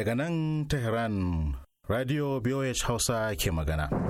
daga nan tehran radio bih hausa ke magana.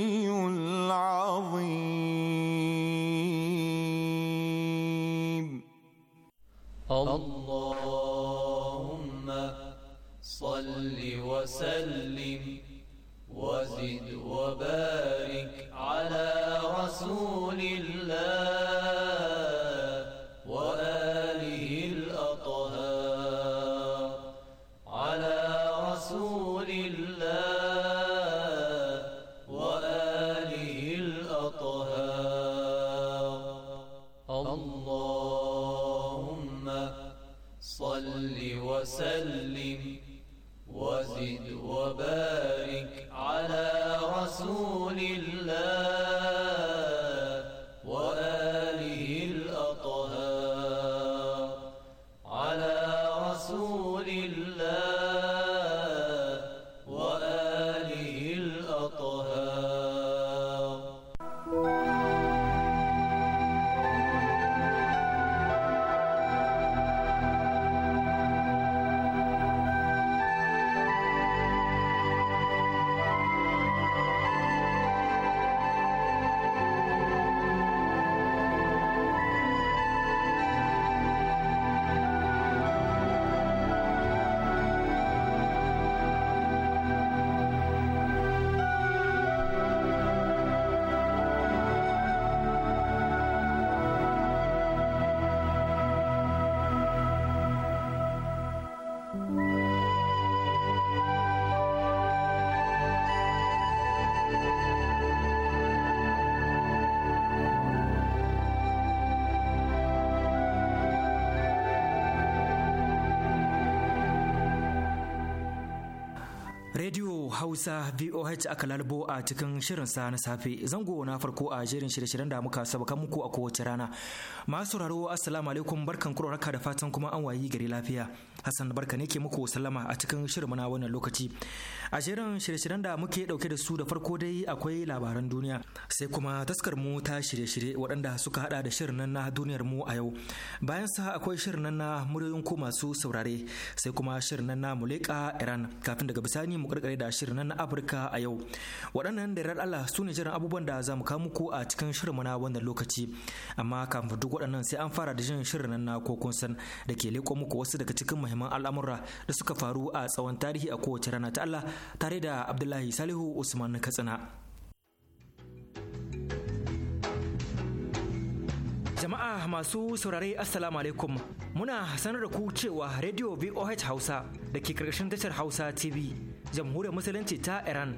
وسلم وزد وبارك على رسول Hausa VOH aka lalbo a cikin shirin sa na safe zango na farko a jerin shirye-shiryen da muka sabakan muku a kowace rana. Masu sauraro Assalamu alaikum barkan kuro da fatan kuma an wayi gari lafiya. Hassan barka ne ke muku sallama a cikin shirin na wannan lokaci. A shirin shirye-shiryen da muke dauke da su da farko dai akwai labaran duniya sai kuma taskar mu ta shirye-shirye waɗanda suka hada da shirin nan na duniyar mu a yau. Bayan sa akwai shirin nan na muryoyin ku masu saurare sai kuma shirin nan na muleka Iran kafin daga bisani mu karkare da shirin nan na Afirka a yau. Waɗannan da yarar Allah su ne jiran abubuwan da za mu kawo muku a cikin shirin mu na wannan lokaci. Amma kafin duk waɗannan sai an fara da jin shirin nan na kokon san da ke leƙo muku wasu daga cikin muhimman al'amura da suka faru a tsawon tarihi a kowace rana ta Allah tare da Abdullahi Salihu Usman Katsina. Jama'a masu saurare Assalamu alaikum muna sanar da ku cewa Radio VOH Hausa da ke tashar Hausa TV jamhuriyar musulunci ta Iran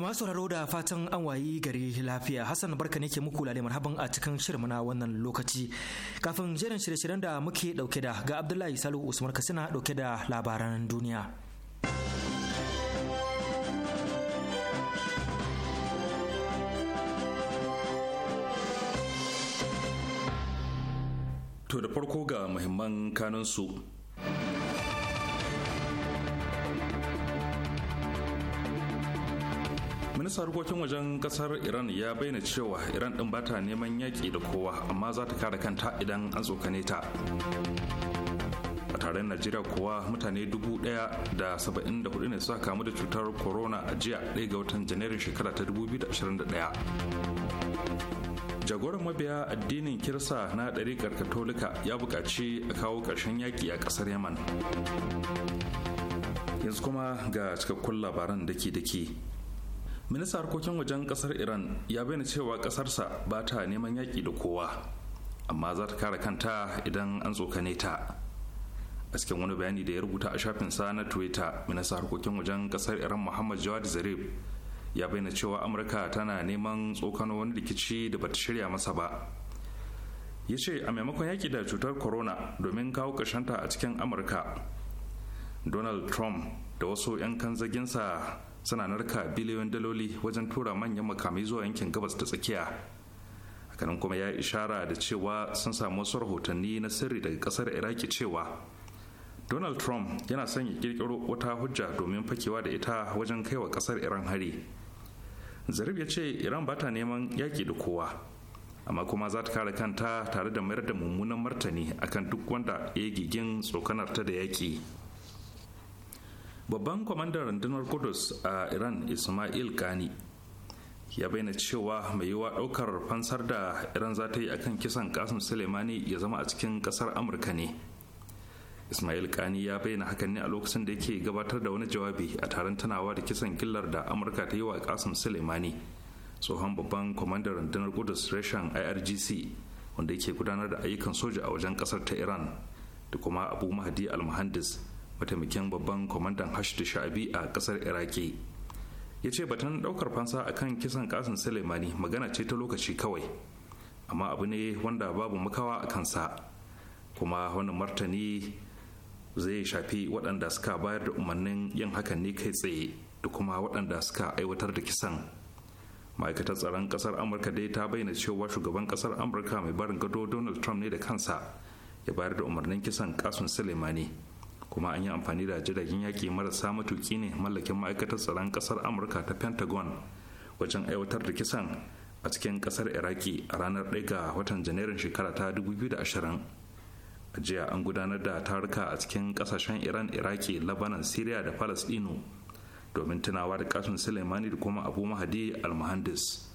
masu sauraro da fatan an wayi gari lafiya Hassan barka ne ke muku lalle marhaban a cikin shirin na wannan lokaci. Kafin jerin shirye-shiryen da muke dauke da ga Abdullahi Salu Usman Katsina dauke da labaran duniya. To da farko ga muhimman kanunsu. Majalisar harkokin wajen kasar Iran ya bayyana cewa Iran din bata neman yaƙi da kowa amma za ta kare kanta idan an tsokane ta. A taron Najeriya kowa mutane dubu ɗaya da saba'in da hudu ne suka kamu da cutar corona a jiya ɗaya ga watan Janairun shekara ta dubu biyu da da ashirin ɗaya. jagoran mabiya addinin kirsa na ɗariƙar katolika ya buƙaci a kawo ƙarshen yaƙi a ƙasar yaman yanzu kuma ga cikakkun labaran daki-daki minista harkokin wajen kasar iran ya bayyana cewa kasarsa ba ta neman yaƙi da kowa amma za ta kare kanta idan an tsokane ta a cikin wani bayani da ya rubuta a shafinsa na twitter minista harkokin wajen kasar iran muhammad jawad zarif ya bayyana cewa amurka tana neman tsokano wani rikici da bata shirya masa ba ya ce a maimakon yaƙi da cutar corona domin kawo ƙarshenta a cikin amurka donald trump da wasu 'yan kanzaginsa suna narka biliyoyin daloli wajen tura manyan makamai zuwa yankin gabas ta tsakiya hakanan kuma ya ishara da cewa sun samu wasu rahotanni na sirri daga kasar iraki cewa donald trump yana son ya kirkiro wata hujja domin fakewa da ita wajen kaiwa kasar iran hari zarif ya ce iran ba ta neman yaƙi da kowa amma kuma za ta kare kanta tare da mayar da mummunan martani akan duk wanda ya gigin tsokanarta da yaƙi babban kwamandan rundunar kudus a iran ismail kani ya bayyana cewa mai yiwuwa daukar fansar da iran za ta yi akan kisan kasim suleimani ya zama a cikin kasar amurka ne ismail kani ya bayyana hakan ne a lokacin da yake gabatar da wani jawabi a taron tunawa da kisan killar da amurka ta yi wa kasim suleimani tsohon babban kwamandan rundunar kudus reshen irgc wanda yake gudanar da ayyukan soja a wajen kasar ta iran da kuma abu mahadi al-muhandis mataimakin babban kwamandan hashdu sha'abi a kasar iraki ya ce batun daukar fansa akan kisan kasan suleimani magana ce ta lokaci kawai amma abu ne wanda babu makawa a kansa kuma wani martani zai shafi waɗanda suka bayar da umarnin yin hakan ne kai tsaye da kuma waɗanda suka aiwatar da kisan ma'aikatar tsaron ƙasar amurka dai ta bayyana cewa shugaban ƙasar amurka mai barin gado donald trump ne da kansa ya bayar da umarnin kisan kasun suleimani kuma an yi amfani da jiragen yaƙi marasa matuƙi ne mallakin ma'aikatar tsaron ƙasar amurka ta pentagon wajen aiwatar da kisan a cikin ƙasar iraki a ranar 1 ga watan janairun shekara ta 2020 a jiya an gudanar da taruka a cikin ƙasashen iran iraki labanan syria da palestino domin tunawa da kasun suleimani da kuma abu mahadi almuhandis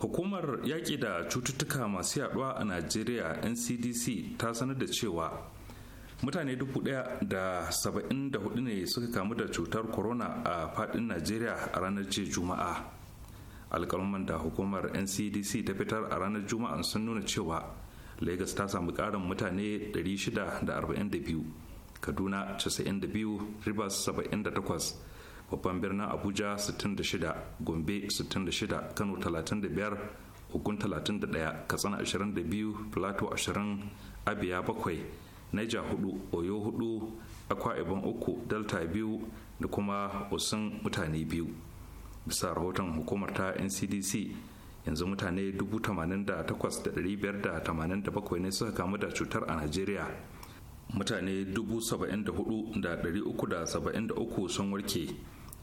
hukumar yaƙi da cututtuka masu yaduwa a najeriya ncdc ta sanar da cewa mutane dubu daya da saba'in hudu ne suka kamu da cutar corona a fadin najeriya a ranar ce juma'a alkalman da hukumar ncdc ta fitar a ranar juma'a sun nuna cewa lagos ta samu karin mutane 642 kaduna 92 rivers 78 babban birnin abuja 66 gombe 66 kano 35 hukun 31 katsina 22 plateau 20 abia 7 naija hudu oyo hudu akwa ibon uku delta biyu da kuma osun mutane biyu bisa rahoton hukumar ta ncdc yanzu mutane 88,587 ne suka kamu da cutar a najeriya mutane 74,373 sun warke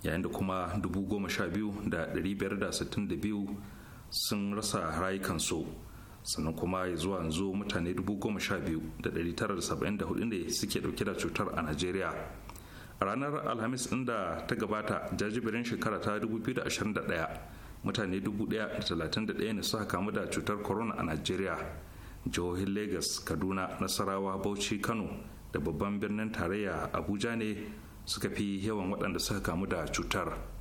yayin da kuma 12,562 sun rasa rayukansu sannan kuma zuwa yanzu mutane 10,974 ne suke dauke da cutar a najeriya a ranar alhamis inda ta gabata jajibirin shekara ta 2021 mutane 1,031 ne suka kamu da cutar corona a najeriya jihohin lagos kaduna nasarawa bauchi kano da babban birnin tarayya abuja ne suka fi yawan waɗanda suka kamu da cutar.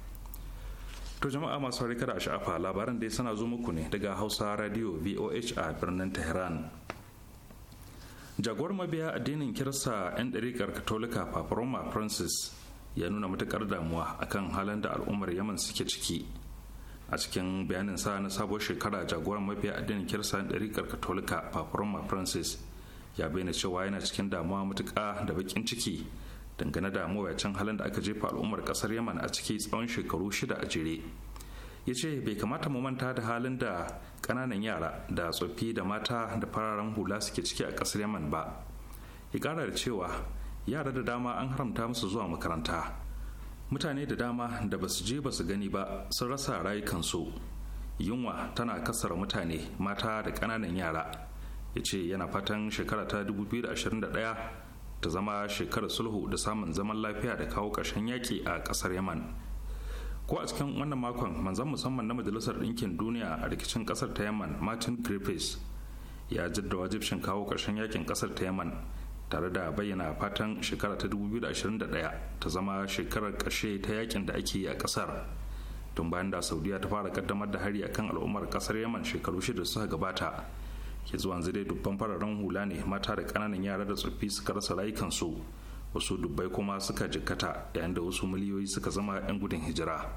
To jama'a masu kada da sha'afa labaran dai sana zo muku ne daga Hausa Radio VOH a birnin Tehran. Jagorar mabiya addinin kirsa 'yan ɗariƙar Katolika Papa Roma Francis ya nuna matuƙar damuwa akan halin da al'ummar Yaman suke ciki. A cikin bayanin sa na sabuwar shekara jagorar mabiya addinin kirsa 'yan ɗariƙar Katolika Papa Roma Francis ya bayyana cewa yana cikin damuwa matuƙa da baƙin ciki dangane da mawuyacin halin da aka jefa al'ummar kasar yaman a ciki tsawon shekaru shida a jere ya ce bai kamata mu manta da halin da ƙananan yara da tsoffi da mata da fararen hula suke ciki a kasar yaman ba ya kara da cewa yara da dama an haramta musu zuwa makaranta mutane da dama da basu je basu gani ba sun rasa rayukansu yunwa tana kasar mutane mata da ƙananan yara ya ce yana fatan shekara ta 2021 ta zama shekarar sulhu da samun zaman lafiya da kawo ƙarshen yaƙi a ƙasar yaman ko a cikin wannan makon manzan musamman na majalisar ɗinkin duniya a rikicin ƙasar ta yaman martin griffiths ya jadda wajibcin kawo ƙarshen yaƙin ƙasar ta yaman tare da bayyana fatan shekara ta 2021 ta zama shekarar ƙarshe ta yaƙin da ake yi a ƙasar tun bayan da saudiya ta fara kaddamar da hari akan al'ummar ƙasar yaman shekaru shida da suka gabata ke zuwa dai dubban fararen hula ne mata da ƙananan yara da tsoffi suka rasa rayukansu wasu dubbai kuma suka jikkata yayin da wasu miliyoyi suka zama 'yan gudun hijira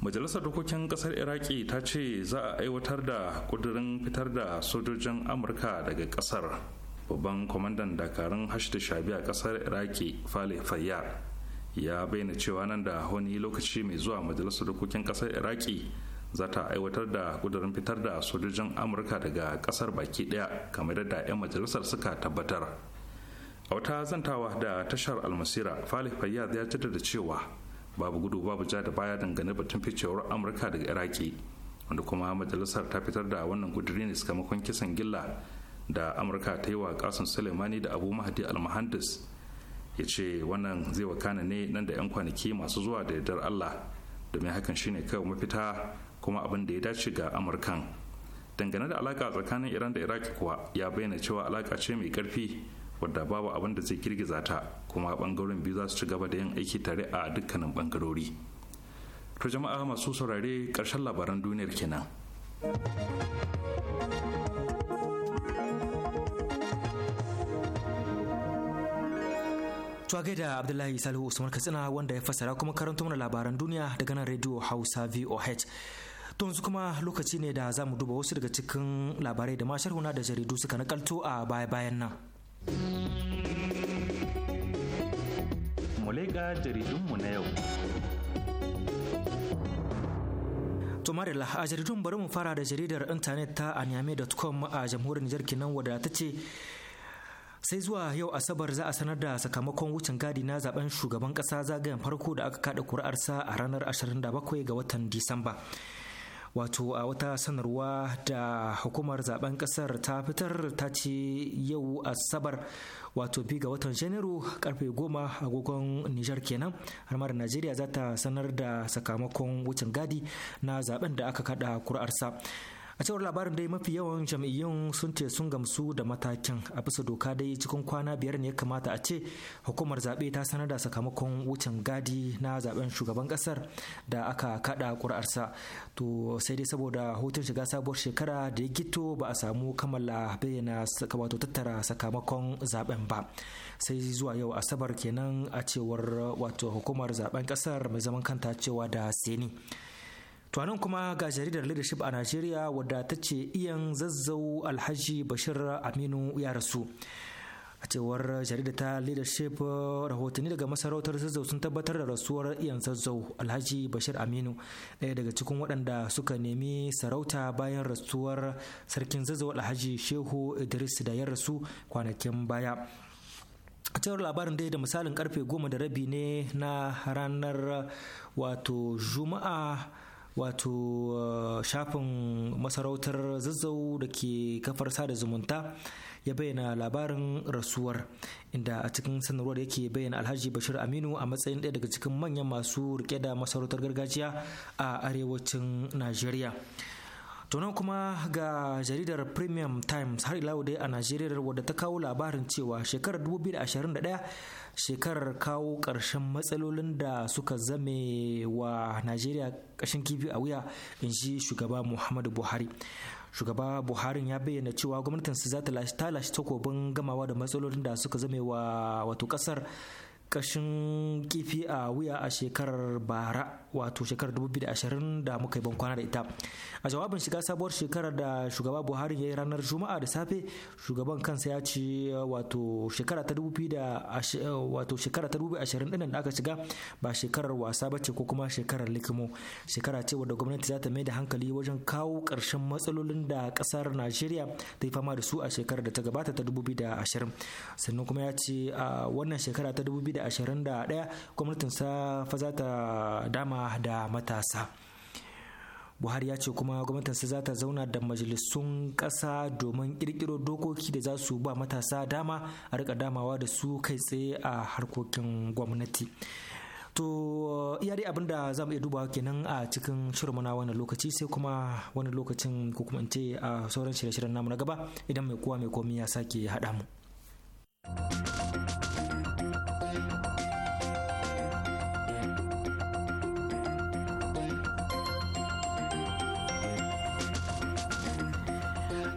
majalisar dokokin kasar iraki ta ce za a aiwatar da ƙudirin fitar da sojojin amurka daga kasar babban kwamandan dakarun hashida shabi a kasar iraki fale fayya ya bayyana cewa nan da wani lokaci mai zuwa majalisar dokokin kasar iraki za ta aiwatar da kudurin fitar da sojojin amurka daga kasar baki daya kamar yadda 'yan majalisar suka tabbatar a wata zantawa da tashar almasira falih fayyad ya jaddada da cewa babu gudu babu ja da baya dangane batun ficewar amurka daga iraki wanda kuma majalisar ta fitar da wannan kuduri ne sakamakon kisan gilla da amurka ta yi wa kasan sulemani da abu mahdi almuhandis ya ce wannan zai wakana ne nan da 'yan kwanaki masu zuwa da yardar allah domin hakan shine kawai mafita kuma abin da ya dace ga amurkan dangane da alaka tsakanin iran da iraq kuwa ya bayyana cewa alaka ce mai karfi wadda babu abin da zai girgiza ta kuma bangaren biyu za su ci gaba da yin aiki tare a dukkanin bangarori to jama'a masu saurare karshen labaran duniyar kenan Tuwa da Abdullahi Salihu Usman Katsina wanda ya fassara kuma karanto mana labaran duniya daga nan Radio Hausa VOH. To yanzu kuma lokaci ne da za mu duba wasu daga cikin labarai da ma da jaridu suka nakalto a baya-bayan nan. Mulega jaridunmu na yau. a jaridun bari mu fara da jaridar intanet ta anyame.com a jamhuriyar Nijar kinan wadda ta ce sai zuwa yau asabar za a sanar da sakamakon wucin gadi na zaben shugaban kasa zagayen farko da aka kada kuri'arsa a ranar 27 ga watan Disamba. wato a wata sanarwa da hukumar zaben kasar ta fitar ta ce yau asabar wato bi ga watan janairu karfe goma agogon nijar kenan harmar najeriya za ta sanar da sakamakon wucin gadi na zaben da aka kada kur'arsa. a cewar labarin dai mafi yawan jam'iyyun sun ce sun gamsu da matakin a bisa doka dai cikin kwana biyar ne ya kamata a ce hukumar zaɓe ta sanar da sakamakon wucin gadi na zaben shugaban ƙasar da aka kaɗa ƙuri'arsa to sai dai saboda hutun shiga sabuwar shekara da ya gito ba a samu kammala bayyana wato tattara sakamakon zaben ba sai zuwa yau asabar kenan a cewar wato hukumar zaben ƙasar mai zaman kanta cewa da seni. nan kuma ga jaridar leadership a najeriya wadda ta ce iyan zazzau alhaji bashir aminu ya rasu a cewar jaridar ta leadership rahotanni daga masarautar zazzau sun tabbatar da rasuwar iyan zazzau alhaji bashir aminu ɗaya daga cikin waɗanda suka nemi sarauta bayan rasuwar sarkin zazzau alhaji shehu idris da ya rasu kwanakin baya a cewar labarin dai da misalin karfe goma da rabi ne na ranar wato juma'a wato uh, shafin masarautar zazzau da ke kafar sada zumunta ya bayyana labarin rasuwar inda a cikin sanarwar yake bayyana alhaji bashir aminu a matsayin ɗaya daga cikin manyan masu rike da masarautar gargajiya a arewacin najeriya nan kuma ga jaridar premium times har ila dai a najeriya wadda ta kawo labarin cewa shekarar 2021 shekarar kawo ƙarshen matsalolin da suka zame wa najeriya ƙashin kifi a wuya in ji shugaba muhammadu buhari shugaba buharin ya bayyana cewa gwamnatinsa za ta lashe takobin gamawa da matsalolin da suka zame wa wato ƙasar kashin kifi a wuya a shekarar bara wato shekarar 2020 da muka yi kwana da ita a jawabin shiga sabuwar shekarar da shugaba buhari ya yi ranar juma'a da safe shugaban kansa ya ce wato shekara ta 2020 biyu da aka shiga ba shekarar wasa ba ce ko kuma shekarar likimo shekara ce wadda gwamnati za ta mai da hankali wajen kawo ƙarshen matsalolin da ƙasar najeriya ta yi fama da su a shekarar da ta gabata ta 2020 sannan kuma ya ce a wannan shekara ta 2021 gwamnatin safa za ta dama da matasa buhari ya ce kuma gwamnatinsa za ta zauna da majalisun ƙasa domin ƙirƙiro dokoki da za su ba matasa dama a rika damawa da su kai tsaye a harkokin gwamnati to iya dai abinda za mu iya dubawa kenan a cikin shirinmu na wannan lokaci sai kuma wani lokacin ko kuma in ce a sauran shirye-shiryen namu na gaba idan mai kowa mai komi ya sake haɗa mu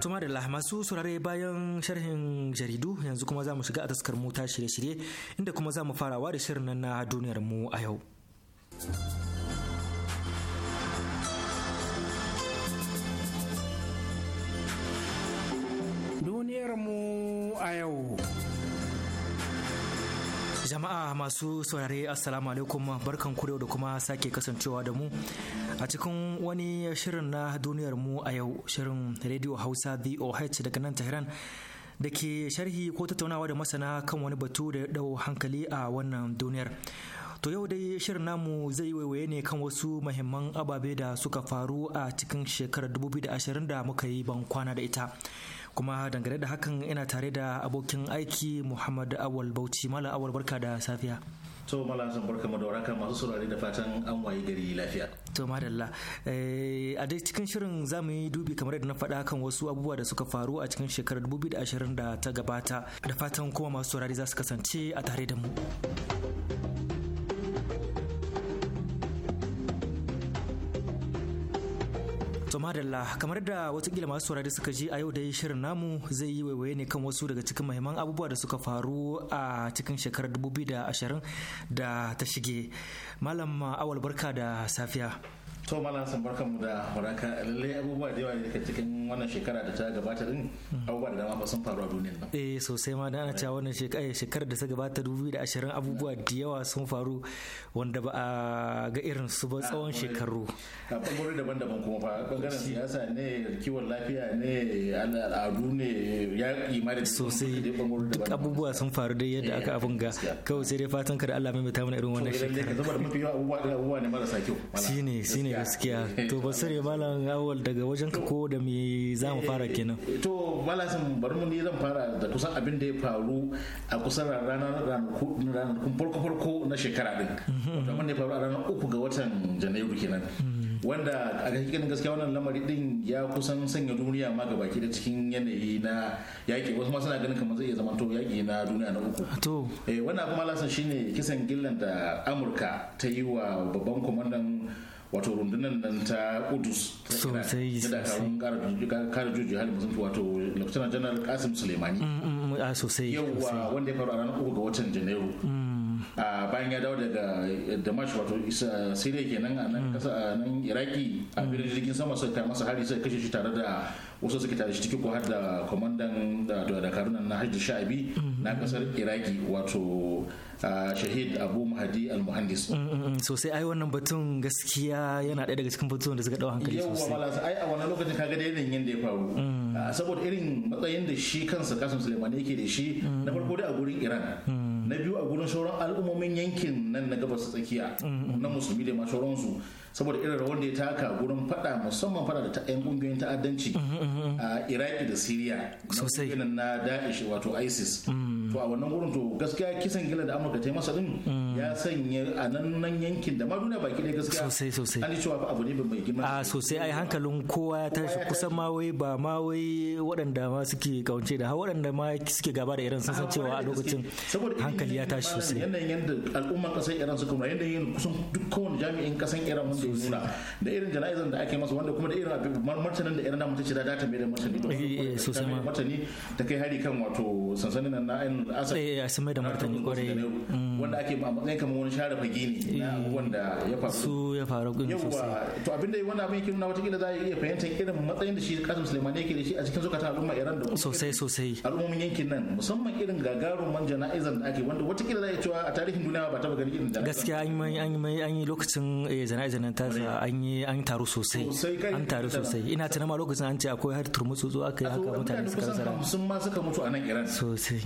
Tuma da masu saurare bayan sharhin jaridu yanzu kuma za mu shiga a taskar mu shirye-shirye inda kuma za mu farawa da shirin nan na duniyar mu a yau. Duniyar mu a yau. jama'a masu saurare assalamu alaikum barkan ku da kuma sake kasancewa da mu a cikin wani shirin na duniyar mu a yau shirin radio hausa voh daga nan tehran da ke sharhi ko tattaunawa da masana kan wani batu da dau hankali a wannan duniyar to yau dai shirin namu zai waiwaye ne kan wasu mahimman ababe da suka faru a cikin shekarar 2020 da muka yi ban kwana da ita kuma dangane da hakan ina tare da abokin aiki muhammad awal bauchi malam awal barka da safiya to malam zan barka mu da waraka masu saurare da fatan an waye gari lafiya to madalla eh, a dai cikin shirin za mu yi dubi kamar yadda na faɗa kan wasu abubuwa da suka faru a cikin shekarar 2020 da ta gabata da fatan kuma masu saurare za su kasance a tare da mu To madalla kamar da watakila masu saurari suka ji a yau da shirin namu zai yi waiwaye ne kan wasu daga cikin mahimman abubuwa da suka faru a cikin shekarar 2020 da ta shige. Malam awal barka da safiya. to malam san barkan mu da waraka lalle abubuwa da yawa ne daga cikin wannan shekara da ta gabata din abubuwa da dama fa sun faru a duniyar nan eh sosai ma dan ana cewa wannan shekara eh, shekarar da ta gabata 2020 abubuwa da yawa sun faru wanda ba a ga irin su ba tsawon ah, shekaru a bangare daban-daban kuma fa bangaren siyasa ne kiwon lafiya ne al'adu ne yaƙi ma da sosai duk abubuwa sun faru dai yadda aka abun ga kawai sai dai fatan ka da Allah mai mai irin wannan shekara saboda ne shine shine gaskiya to basire malam awal daga wajen ka ko da me za mu fara kenan eh, to malasin bari mu ne zan fara da kusan abin da ya faru a kusan ranar ranakun farko farko na shekara din mhm. wanda ne faru a ranar uku ga watan janairu kenan mhm. wanda a hakikanin gaskiya wannan lamari din ya kusan sanya duniya ma ga baki da cikin yanayi na yaki wasu ma suna ganin kamar zai iya zama to yaki na duniya na uku to eh wannan kuma lasan shine kisan gillan da amurka ta yi wa babban kwamandan wato rundunar nan ta kudus sosai da dakarun kare juji hali musulunci wato lieutenant general kasim suleimani mm, mm, mm, a ah, sosai yauwa wanda ya faru a ranar uku ga watan janairu bayan ya dawo daga damash wato siriya kenan a nan hmm. kasa a nan iraki a birnin hmm. jirgin sama sai kai masa hari sai kashe shi tare da wasu suka tare shi cikin ko har da kwamandan da dakarun na hajji sha'abi hmm. na kasar iraki wato shahid abu mahadi al-muhandis sosai ai wannan batun gaskiya yana ɗaya daga cikin batun da suka ɗau hankali sosai yawa malasa ai a wannan lokacin kaga da yanayin yadda ya faru saboda irin matsayin da shi kansa kasan sulaimani yake da shi na farko dai a gurin iran na biyu a gurin sauran al'ummomin yankin nan na gabas tsakiya mm-hmm. na musulmi da sauransu saboda irin rawar da ya taka gurin fada musamman fada da ta'yan kungiyoyin ta'addanci mm-hmm, mm-hmm. a iraki da siriya na na da'ish wato isis to a wannan gurin to gaskiya kisan gila da amurka ta yi masa din mm. ya sanya a nan nan yankin da ma duniya baki ɗaya gaskiya sosai sosai an cewa abu ne mai girma a ah, sosai ai hankalin kowa ya tashi kusan ma wai ba ma wai waɗanda ma suke kaunce da har waɗanda ma suke gaba da irin sun ah, cewa a lokacin hankali ya tashi sosai yanayin yadda al'umman ƙasar iran suka nuna yanayin kusan duk kowane jami'in ƙasar iran wanda ya nuna da irin jana'izar da ake masa wanda kuma da irin martanin da iran da mutum ce da data mai da martani eh, eh, da kai hari kan wato sansanin na asa eh, sun mai da martani kwarai mm. wanda ake a matsayin kamar wani share fage ne na eh, abubuwan da ya faru su ya faru gun sosai to abinda wannan abin yake nuna wata za a iya fahimta irin matsayin da shi Kasim musulman yake da shi a cikin zukatan al'umma Iran da sosai sosai al'ummomin yankin nan musamman irin gagarumin jana'izar da ake wanda wata za a cewa a tarihin duniya ba taba gani irin da gaskiya an yi eh, an yi an yi lokacin jana'izar nan tasa an yi an yi taro sosai an taro sosai ina ma lokacin an ce akwai har turmutsu zuwa aka yi haka mutane suka zara sun ma suka mutu a nan Iran sosai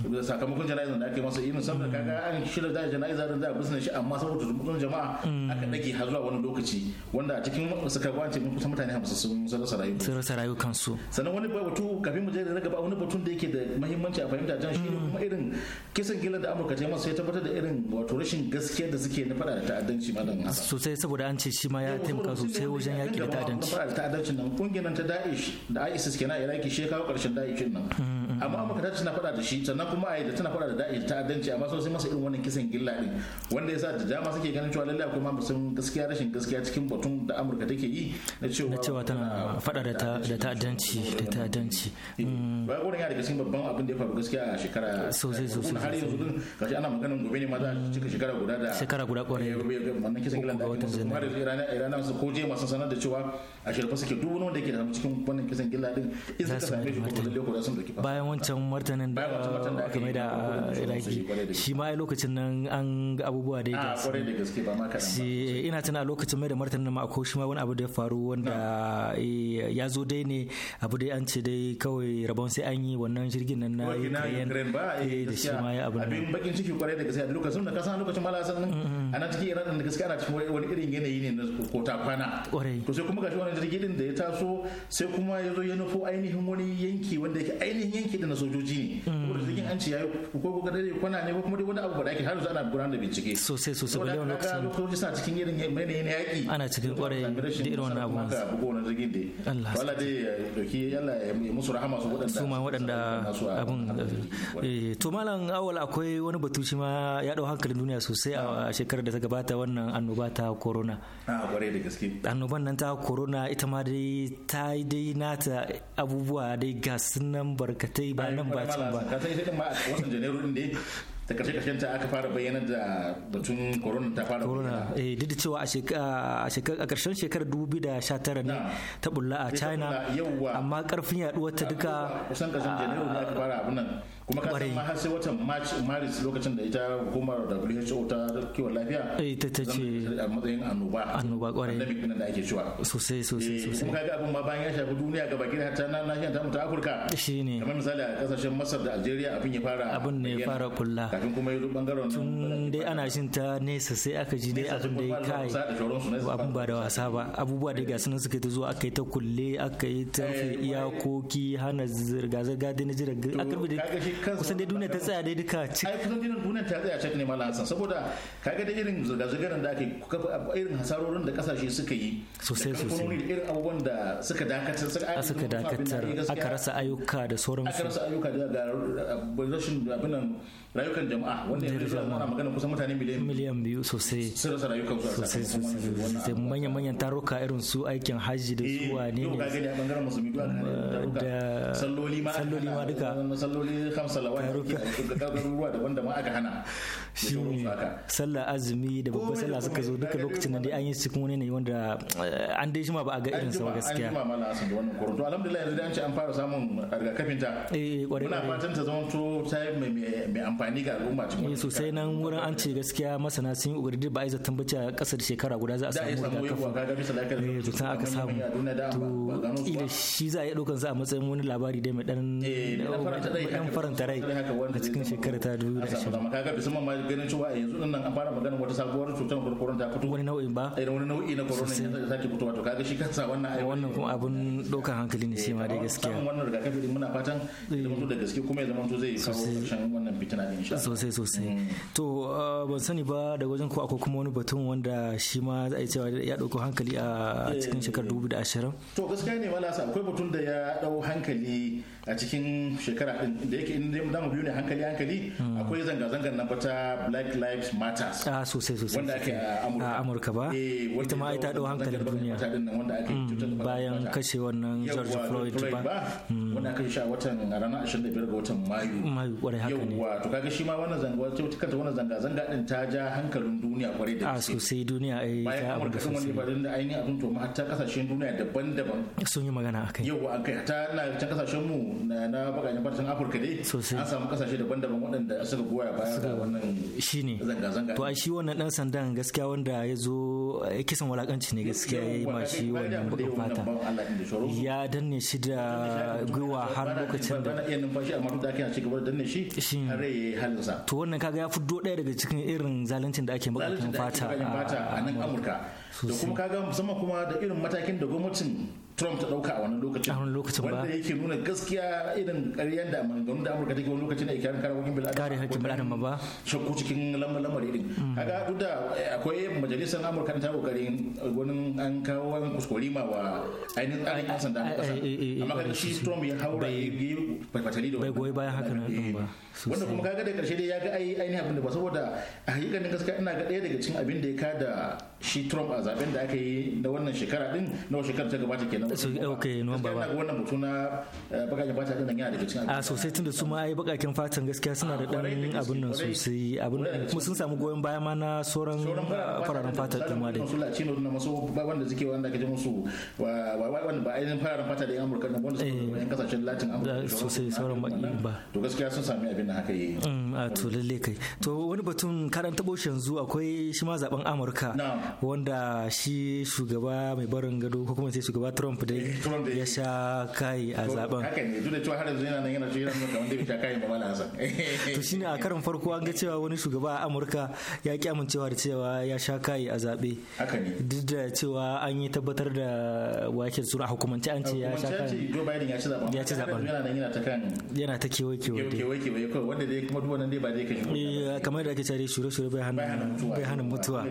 sakamakon jana'izar da aka yi masa yi musamman kaga an shirya da jana'iza da za a bisne shi amma saboda dubban jama'a mm. aka dake har zuwa wani lokaci wanda a cikin sakamakon ce kusan mutane 50 sun rasa rayuwa sun rasa rayuwa kansu sannan wani batu kafin mu je da gaba wani batun da yake da muhimmanci a fahimta jan shi mm. kuma irin kisan gilan da Amurka ta masa ya tabbatar da irin wato rashin gaskiya da suke na fada da ta'addanci malam sosai saboda an ce shi ma ya taimaka sosai wajen yaki da ta'addanci ta'addanci nan kungiyar ta da'ish da ISIS kenan Iraki shekaru karshen Daesh nan mm. amma amma ta tana faɗa da shi sannan kuma a da tana faɗa da da'i ta'addanci amma sosai masa irin wannan kisan gilla din wanda ya sa da dama suke ganin cewa lallai akwai ma sun gaskiya rashin gaskiya cikin batun da amurka take yi na cewa tana faɗa da ta da ta danci. Eh, ba gurin ya daga cikin babban abin da ya faru gaskiya a shekara sosai sosai har yanzu din gashi ana maganin gobe ne ma za a cika shekara guda da shekara guda kwarai eh, wannan kisan gilla da kuma da irana su ko je masu sanar da cewa a shirfa suke duk wani wanda ke da cikin wannan kisan gilla din in suka same shi lallai ko da sun dauki ba wancan martanin da aka mai da iraki shi ma lokacin nan an abubuwa ah, da ya shi eh, ina tana lokacin mai da martanin ma ko shi ma wani abu da ya faru wanda eh, ya zo dai ne abu dai an ce dai kawai rabon sai an yi wannan jirgin nan na ukraine eh, da shi ma ya abu abin bakin a ne sai kuma ya taso sai kuma ya zo ya nufo ainihin wani yanki wanda yake ainihin cike da na sojoji ne mm. saboda cikin an ce yayi ko ko ko kwana ne ko kuma dai wani abu ba da ake har yanzu ana gudanar da bincike sosai sosai ba lewan lokacin lokacin sa cikin irin ne yaki ana cikin kware da irin wannan abu ka bugo dai Allah dai ya doki Allah ya musu rahama su waɗanda su ma waɗanda abun eh, to malam awal akwai wani batu shi ma ya dau hankalin duniya sosai a ah. shekarar da ta gabata wannan annoba ta corona a ah, kware da gaske annoban nan ta corona ita ma dai ta dai nata abubuwa dai ga sunan barkatai zai eh, ba nan ba can ba ka sai ma a wasan janairu din dai ta karshe karshen ta aka fara bayyana da batun corona ta fara corona eh duk da cewa a shekar a karshen shekarar 2019 ne ta bulla a China amma karfin yaduwar ta duka wasan karshen janairu ne aka fara abin nan kuma ka san har sai watan maris lokacin da ita hukumar WHO ta kiwon lafiya eh ta ce a matsayin annoba annoba kwarai pandemic din da ake cewa sosai sosai eh, sosai kuma ga abun ma bayan ya shafi duniya ga gida ta na nahiyar ta ta Afirka shine kamar misali a kasashen Masar da Algeria abin ya fara abin ne ya fara kulla kafin kuma yanzu bangaren tun dai ana shin ta nesa sai aka ji dai abin da ya kai abun ba da wasa ba abubuwa da gasu nan suka ta zuwa aka yi ta kulle aka yi ta eh, iyakoki hana zirga zirga da na jira aka rubuta kusan dai duniya ta tsaya dai duka cik ai kusan duniya ta tsaya cikin ne san saboda kaga da irin zirga-zirgar da ake irin hasarorin da kasashe suka yi sosai sosai irin abubuwan da suka dakatar suka dakatar aka rasa ayyuka da sauran aka rasa ayyuka da rashin abin nan rayukan jama'a wanda rasa ana magana kusan mutane miliyan miliyan biyu sosai sun rasa rayukan su sosai sosai manyan manyan taruka irin su aikin hajji da su eh, wane ne da salloli ma salloli ma duka ya rufe sallah azumi da babban sallah suka zo duka lokacin nan an yi cikin wani ne wanda eh, an dai ma ba a ga irin sa gaskiya an jima mala asan da wannan koron to alhamdulillah yanzu dai an fara samun sosai nan an ce gaskiya masana sun yi ba a isa a kasar shekara guda za a samu rigakafin eh, aka samu to ila shi za a yi daukan sa a matsayin wani labari dai mai dan eh, faranta tarai a cikin shekara ta dubu da 2020 kaga musamman ma ganin cewa yanzu nan an fara magana wata sabuwar cutar corona ta fito wani nau'in ba irin eh, wani nau'i na corona ne sake fitowa to kaga shi kansa wannan ai wannan kuma abun dokar hankali ne shi ma dai eh, gaskiya wannan rigakafi din muna fatan da mutu da gaske kuma ya zama to zai kawo karshen wannan fitina din insha Allah. sosai sosai mm. to eh, ban sani ba da wajen ko akwai kuma wani batun wanda shi ma za a yi cewa ya dauko hankali a cikin shekarar ashirin. to gaskiya ne malasa akwai batun da ya dau hankali a cikin shekara din da yake in da mu biyu ne hankali hankali hmm. akwai zanga-zangar na bata Black Lives Matters a ah, sosai sosai wanda ake a Amurka ba eh, ita ma ita dau hankalin duniya hmm, bayan kashe wannan George Floyd ba hmm. wanda aka yi shi a watan ranar 25 ga watan Mayu Mayu kwarai haka ne yauwa to kaga shi ma wannan zanga kanta wannan zanga-zanga din ta ja hankalin duniya kwarai da ah, gaske a sosai duniya ai ta Amurka wani bayan da ainihin abin to ma hatta kasashen duniya daban-daban sun yi magana akai yauwa akai ta na kasashen mu na bakajen barcin Afirka dai sosai an samu kasashe daban-daban waɗanda suka goya baya ga wannan shi zanga to a shi wannan dan sandan gaskiya wanda ya zo ya eh, kisan walakanci ne gaskiya ya yi ma shi wannan bakin fata ya danne shi da gwiwa har lokacin da iya numfashi amma da da danne shi ya halinsa to wannan kaga ya fito ɗaya daga cikin irin zaluncin da ake bakin fata a nan Amurka da kuma kaga musamman kuma da irin matakin da gwamnatin Trump ta dauka a wannan lokacin. A wannan lokacin ba. Wanda yake nuna gaskiya irin ƙaryar da maganganun da Amurka take wani lokacin da yake kare haƙƙin bil'adama. Kare bil bil'adama ba. Shakku cikin lamari din. Mm. Kaga duk da akwai majalisar Amurka ta kokari wani an kawo wani kuskure ma wa ainihin tsarin yan sanda na ƙasa. Amma kan shi Trump ya haura ya yi fatali da wannan. Bai goyi bayan haka ba. Wanda kuma kaga da karshe dai ya ga ainihin abin da ba saboda a hakikanin gaskiya ina ga ɗaya daga cikin abin da ya kada shi Trump a zaben da aka yi na wannan shekara din na shekara ta gabata kenan ok nuwamba ba wannan mutum na bakaken fata din yana daga cikin a sosai tunda su ma ai bakaken fatan gaskiya suna da dan abun nan sosai abun kuma sun samu goyon baya ma na sauran fararen fata din ma dai sulla cino na maso ba wanda suke wanda kaje musu wanda ba ainihin fararen fata da yan amurka da wanda suke yan kasashen latin amurka sosai sauran ba to gaskiya sun sami abin da haka yi a to lalle kai to wani batun karan tabo yanzu akwai shi ma zaben amurka wanda shi shugaba mai barin gado ko kuma sai shugaba trump trump eh, ya sha kai a zaben to shi ne a karin farko an ga cewa wani shugaba a amurka ya ki amincewa da cewa ya sha kai a zabe duk da cewa an yi tabbatar da wake zura a hukumance an ce ya sha kai ya ci zaben yana ta kan yana wanda dai kuma duk wannan dai ba dai kan eh, kamar da ake cari shure shure bai hana bai hana mutuwa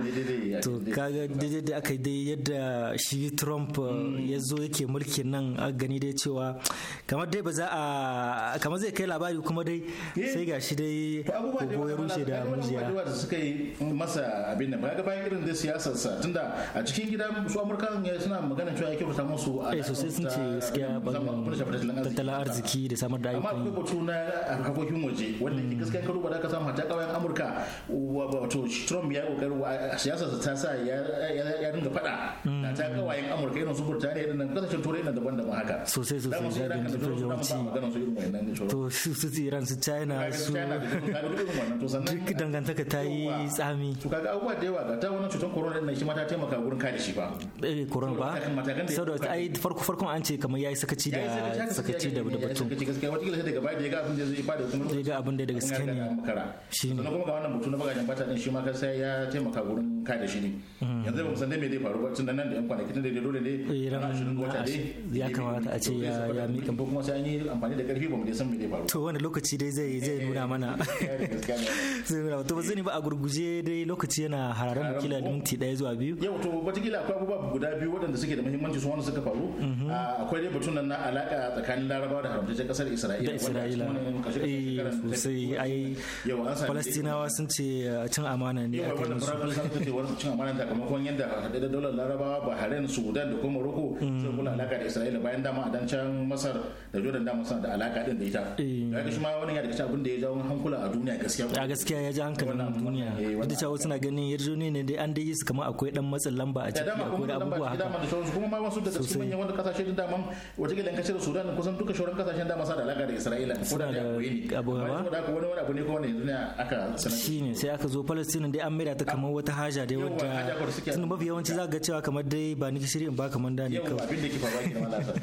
to kaga daidai da aka yi dai yadda shi Trump mm. eh, ya zo zo yake mulkin nan a gani dai cewa kamar dai ba za a kamar zai kai labari kuma dai eh. sai ga shi dai gogo ya rushe da mujiya da suka yi masa abin da bayan bayan irin dai siyasar sa tunda a cikin gida su amurkan ya suna magana cewa ya fita musu a eh, sosai sun ce gaskiya tattalin arziki da samar da ayyukan amma akwai batu na harkokin waje wanda ke hmm. gaskiya karo ba da ka samu hatta kawai amurka wato trump ya kokari siyasar sa ta sa ya ringa fada hmm. ta kawayen amurka irin su burtaniya nan kasashen turai na daban-daban haka sosai sosai sai da da yawanci to su su iran su china su duk dangantaka ta yi tsami to kaga abubuwa da yawa ga ta wannan cutar corona din shi ma ta taimaka kare shi ba eh corona ba saboda ai farko farkon an ce kamar yayi sakaci da sakaci da da batun gaskiya wata kila sai daga baya da ya ga abin da zai kuma ga abin da daga gaskiya ne shi ne kuma ga wannan batun na bagajen bata din shi ma sai ya taimaka ka da shi ne yanzu ba mu san dai me zai faru ba tun nan da yan kwanaki tun da dole ne eh, ran 20 wata dai ya kamata a ce ya ya mika kuma sai an yi amfani da karfi ba mu san me faru to wani lokaci dai zai zai eh, nuna mana zai nuna to ba zai ba a gurguje dai lokaci yana hararan mu kila minti daya zuwa biyu yau to wataƙila akwai abubuwa guda biyu waɗanda suke da muhimmanci su wanda suka faru mhm. ah, akwai dai batun nan na alaka tsakanin larabawa da haramtaccen kasar isra'ila Da a eh, sosai ai palestinawa sun ce cin amana ne a kan musu. cewar cin amana sakamakon yadda haɗe da daular larabawa bahrain sudan da kuma morocco sai kuna alaka da isra'ila bayan dama a dancan masar da jordan dama suna da alaka din da ita da eh. haka shi ma wani ya daga abin da ya jawo hankula a duniya gaskiya a gaskiya ya hankalin duniya eh, duk cewa suna ganin yarjo ne dai an dai yi su kamar akwai dan matsin lamba a ciki akwai da abubuwa haka dama dama da alaka da aka sai aka zo palestine dai an maida ta kamar wata haja dai wadda tun mafi yawanci za ga cewa kamar dai ba ni gishiri in ba kamar da ne kawai abin da ke faruwa kenan malasa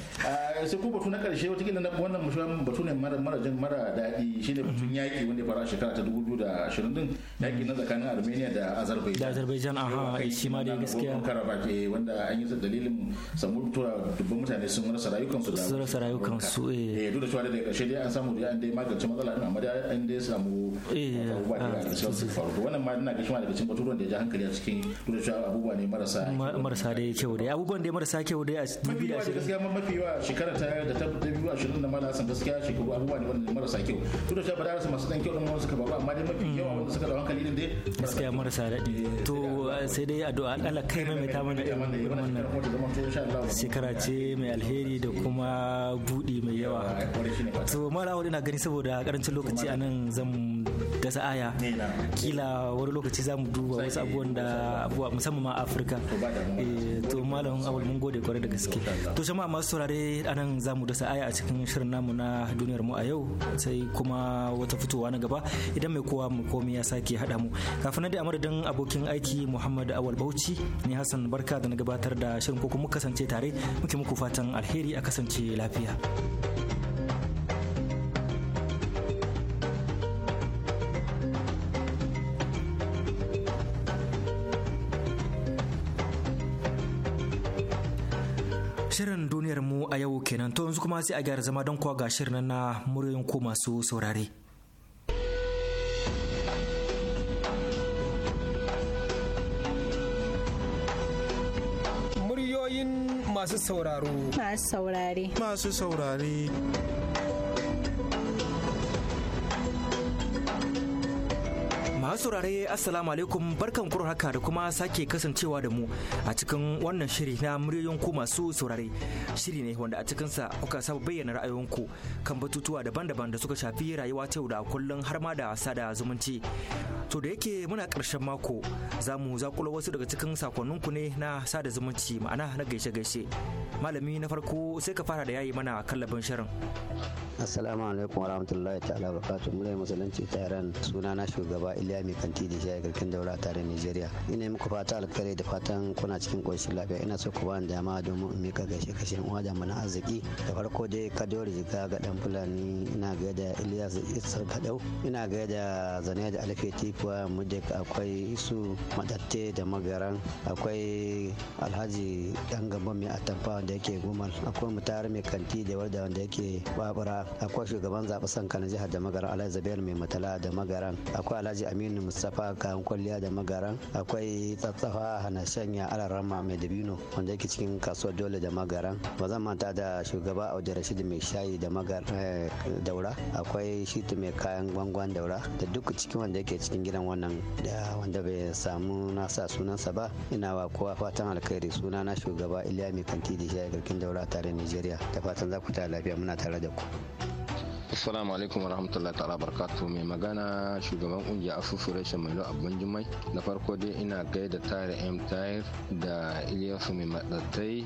sai ko batu na karshe wata kila wannan mushan batu ne mara jin mara daɗi shine batun yaki wanda ya fara shekara ta 2020 din yaki na tsakanin Armenia da Azerbaijan da Azerbaijan aha shi ma dai gaskiya wanda an yi dalilin tura dubban mutane sun rasa rayukansu da sun rasa rayukansu eh duk da cewa da karshe dai an samu dai an dai magance matsala din amma dai an dai samu da faru wannan ma ina ga shi ma daga cikin da ya ja hankali a cikin kudancin abubuwa ne marasa marasa da ya kyau dai abubuwan da ya marasa kyau dai a dubi da shi gaskiya mafi yawa shekara ta da ta dubi a shirin da mala hasan gaskiya shekaru abubuwa ne wanda marasa kyau duk da ba da rasa masu dan kyau din suka ba amma dai mafi yawa wanda suka da hankali din dai gaskiya marasa daɗi eh, to sai dai addu'a Allah kai mai ta mana wannan shekara ce mai alheri da kuma budi mai yawa to mara wani na gani saboda karancin lokaci a nan zan dasa aya kila wani lokaci za mu duba wasu abubuwan da abubuwa musamman ma afirka to eh, malam abul mun gode kwarai da gaske to jama'a masu saurare anan za mu dasa aya a cikin shirin namu na duniyar mu a yau sai kuma wata fitowa na gaba idan mai kowa mu komai ya sake haɗa mu kafin da a abokin aiki muhammad awal bauchi ne hassan barka da na gabatar da shirin ko kuma kasance tare muke muku fatan alheri a kasance lafiya. kuma sai a gyara zama don kuwa ga shirin na muryoyin ko masu saurare. Muryoyin masu sauraro. Masu saurare. Masu saurare. Masu saurare Assalamu alaikum barkan kuro haka da kuma sake kasancewa da mu a cikin wannan shiri na muryoyin ku masu saurare. Shiri ne wanda a cikinsa kuka saba bayyana ra'ayoyinku kan batutuwa daban-daban da suka shafi rayuwa ta yau da kullum har ma da sada zumunci. To da yake muna karshen mako za mu zakulo wasu daga cikin ku ne na sada zumunci ma'ana na gaishe-gaishe. Malami na farko sai ka fara da yayi mana kallabin shirin. Assalamu alaikum warahmatullahi ta'ala barakatuh. Mulai musulunci ta sunana shugaba Iliya mai Kanti da Jaya Garkin Daura tare Nigeria. Ina muku fata alkhairi da fatan kuna cikin ƙoshin lafiya. Ina so ku bani dama domin in mika gaishe kashe uwa da mana arziki. Da farko dai Kadori Jiga ga dan Fulani ina ga da Ilyas Isar Gadau. Ina ga da Zane da Alfe Tifuwa Mudek akwai Isu Madatte da Magaran akwai Alhaji Dan gaban mai atamfa wanda yake Gumal akwai Mutare mai Kanti da Warda wanda yake Babura akwai shugaban zaɓe sanka na jihar da Magaran Alhaji Zabiyar mai Matala da Magaran akwai Alhaji Aminu Aminu Mustapha kayan kwalliya da magaran akwai tsafsafa hana sanya alarama mai dabino wanda yake cikin kasuwar dole da magaran ba zan manta da shugaba Audu Rashid mai shayi da magar eh, daura akwai shitu mai kayan gwangwan daura da duk cikin wanda yake cikin gidan wannan da wanda bai samu nasa sunansa ba ina wa kowa fatan alkhairi suna na shugaba Iliya mai kanti da shayi garkin daura tare Nigeria da fatan za ku ta lafiya muna tare da ku. assalamu alaikum warahmatullahi ta'ala barkatu mai magana shugaban kungiyar asusu reshen mai lo abin jimai na farko dai ina gaida tare m tire da iliyasu mai matattai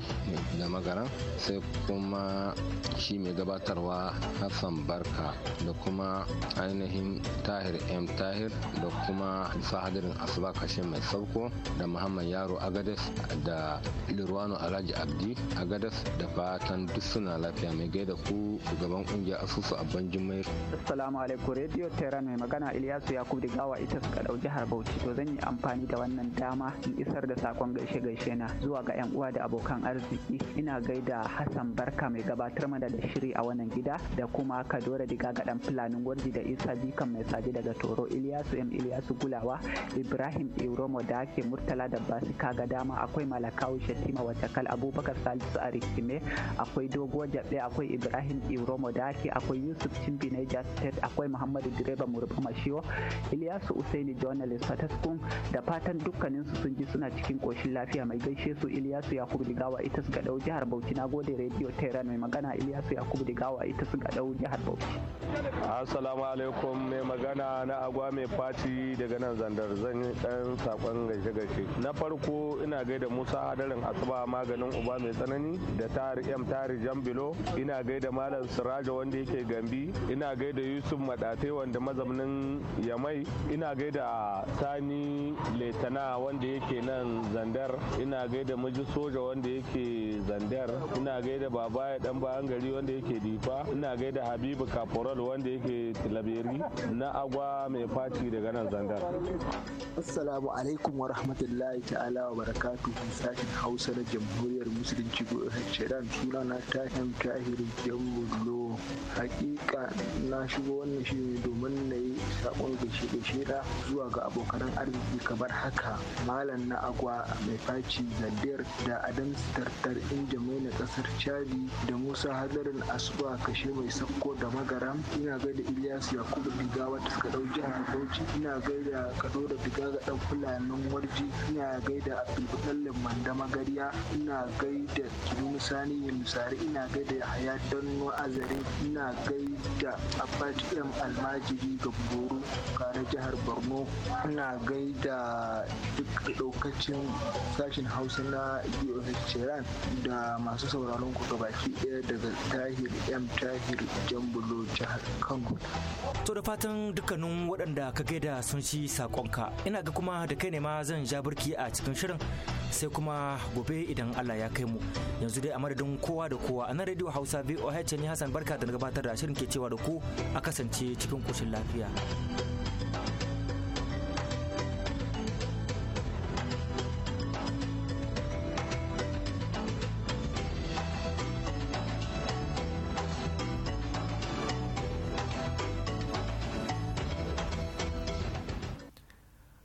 da magaran sai kuma shi mai gabatarwa hassan barka da kuma ainihin tahir m tahir da kuma sahadarin asuba kashe mai sauko da muhammad yaro agades da lirwano alhaji abdi agades da fatan duk suna lafiya mai gaida ku shugaban kungiyar asusu abin baban rediyo assalamu alaikum radio mai magana ilyasu yakub kudi gawa ita suka dau jihar bauchi to zan yi amfani da wannan dama in isar da sakon gaishe gaishe na zuwa ga yan uwa da abokan arziki ina gaida hassan barka mai gabatar mana da shiri a wannan gida da kuma kadora diga ga dan fulanin gwarji da isa jikan mai saje daga toro iliyasu m iliyasu gulawa ibrahim iromo da ake murtala da basu kaga dama akwai malakawu shatima watakal abubakar salisu a rikime akwai dogo jabe akwai ibrahim iromo da ake akwai yusuf yusuf na niger state akwai muhammadu direba murba mashiwa ilyasu usaini journalist fataskun da fatan dukkanin su sun ji suna cikin koshin lafiya mai gaishe su ilyasu yakubu digawa ita su gadau jihar bauchi na gode radio tehran mai magana ilyasu yakubu digawa ita su gadau jihar bauchi assalamu alaikum mai magana na agwa mai faci daga nan zandar zan dan sakon gaishe gaishe na farko ina gaida musa hadarin asuba maganin uba mai tsanani da tari m tari jambilo ina gaida malam siraja wanda yake game Gombe ina gaida yusuf madatai wanda mazaunin yamai ina gaida sani letana wanda yake nan zandar ina gaida maji soja wanda yake zandar ina gaida babaya dan bayan gari wanda yake difa ina gaida habibu Kaporal wanda yake tilaberi na agwa mai faci daga nan zandar assalamu alaikum wa rahmatullahi ta'ala wa barakatuhu sashen hausa na jamhuriyar musulunci go'ar suna na tahin tahirin Jamhuriyar hakika na shigo wannan ne domin na yi saƙon gaishe gaishe da zuwa ga abokan arziki kamar haka malam na agwa mai faci zadir da adam tartar injamai na kasar chadi da musa hadarin asuba kashe mai sakko da magaram ina gaida ilyas yakubu diga wata suka dau jihar bauchi ina gaida kado da diga ga dan fulanin warji ina gaida liman mandama gariya ina gaida kinu musani musari ina gaida yahaya danno azare ina gaida da abad m almajiri ga buru kare jihar borno ina gaida duk daukacin sashen hausa na boh da masu sauraron ku gabaki daya daga tahir m tahir jambulo jihar kano to da fatan dukkanin waɗanda ka gaida sun ci sakonka ina ga kuma da kai ne ma zan ja birki a cikin shirin sai kuma gobe idan Allah ya kai mu yanzu dai a madadin kowa da kowa a nan radio hausa voh ne hassan barka da na gabatar da shirin nake cewa da ku a kasance cikin koshin lafiya.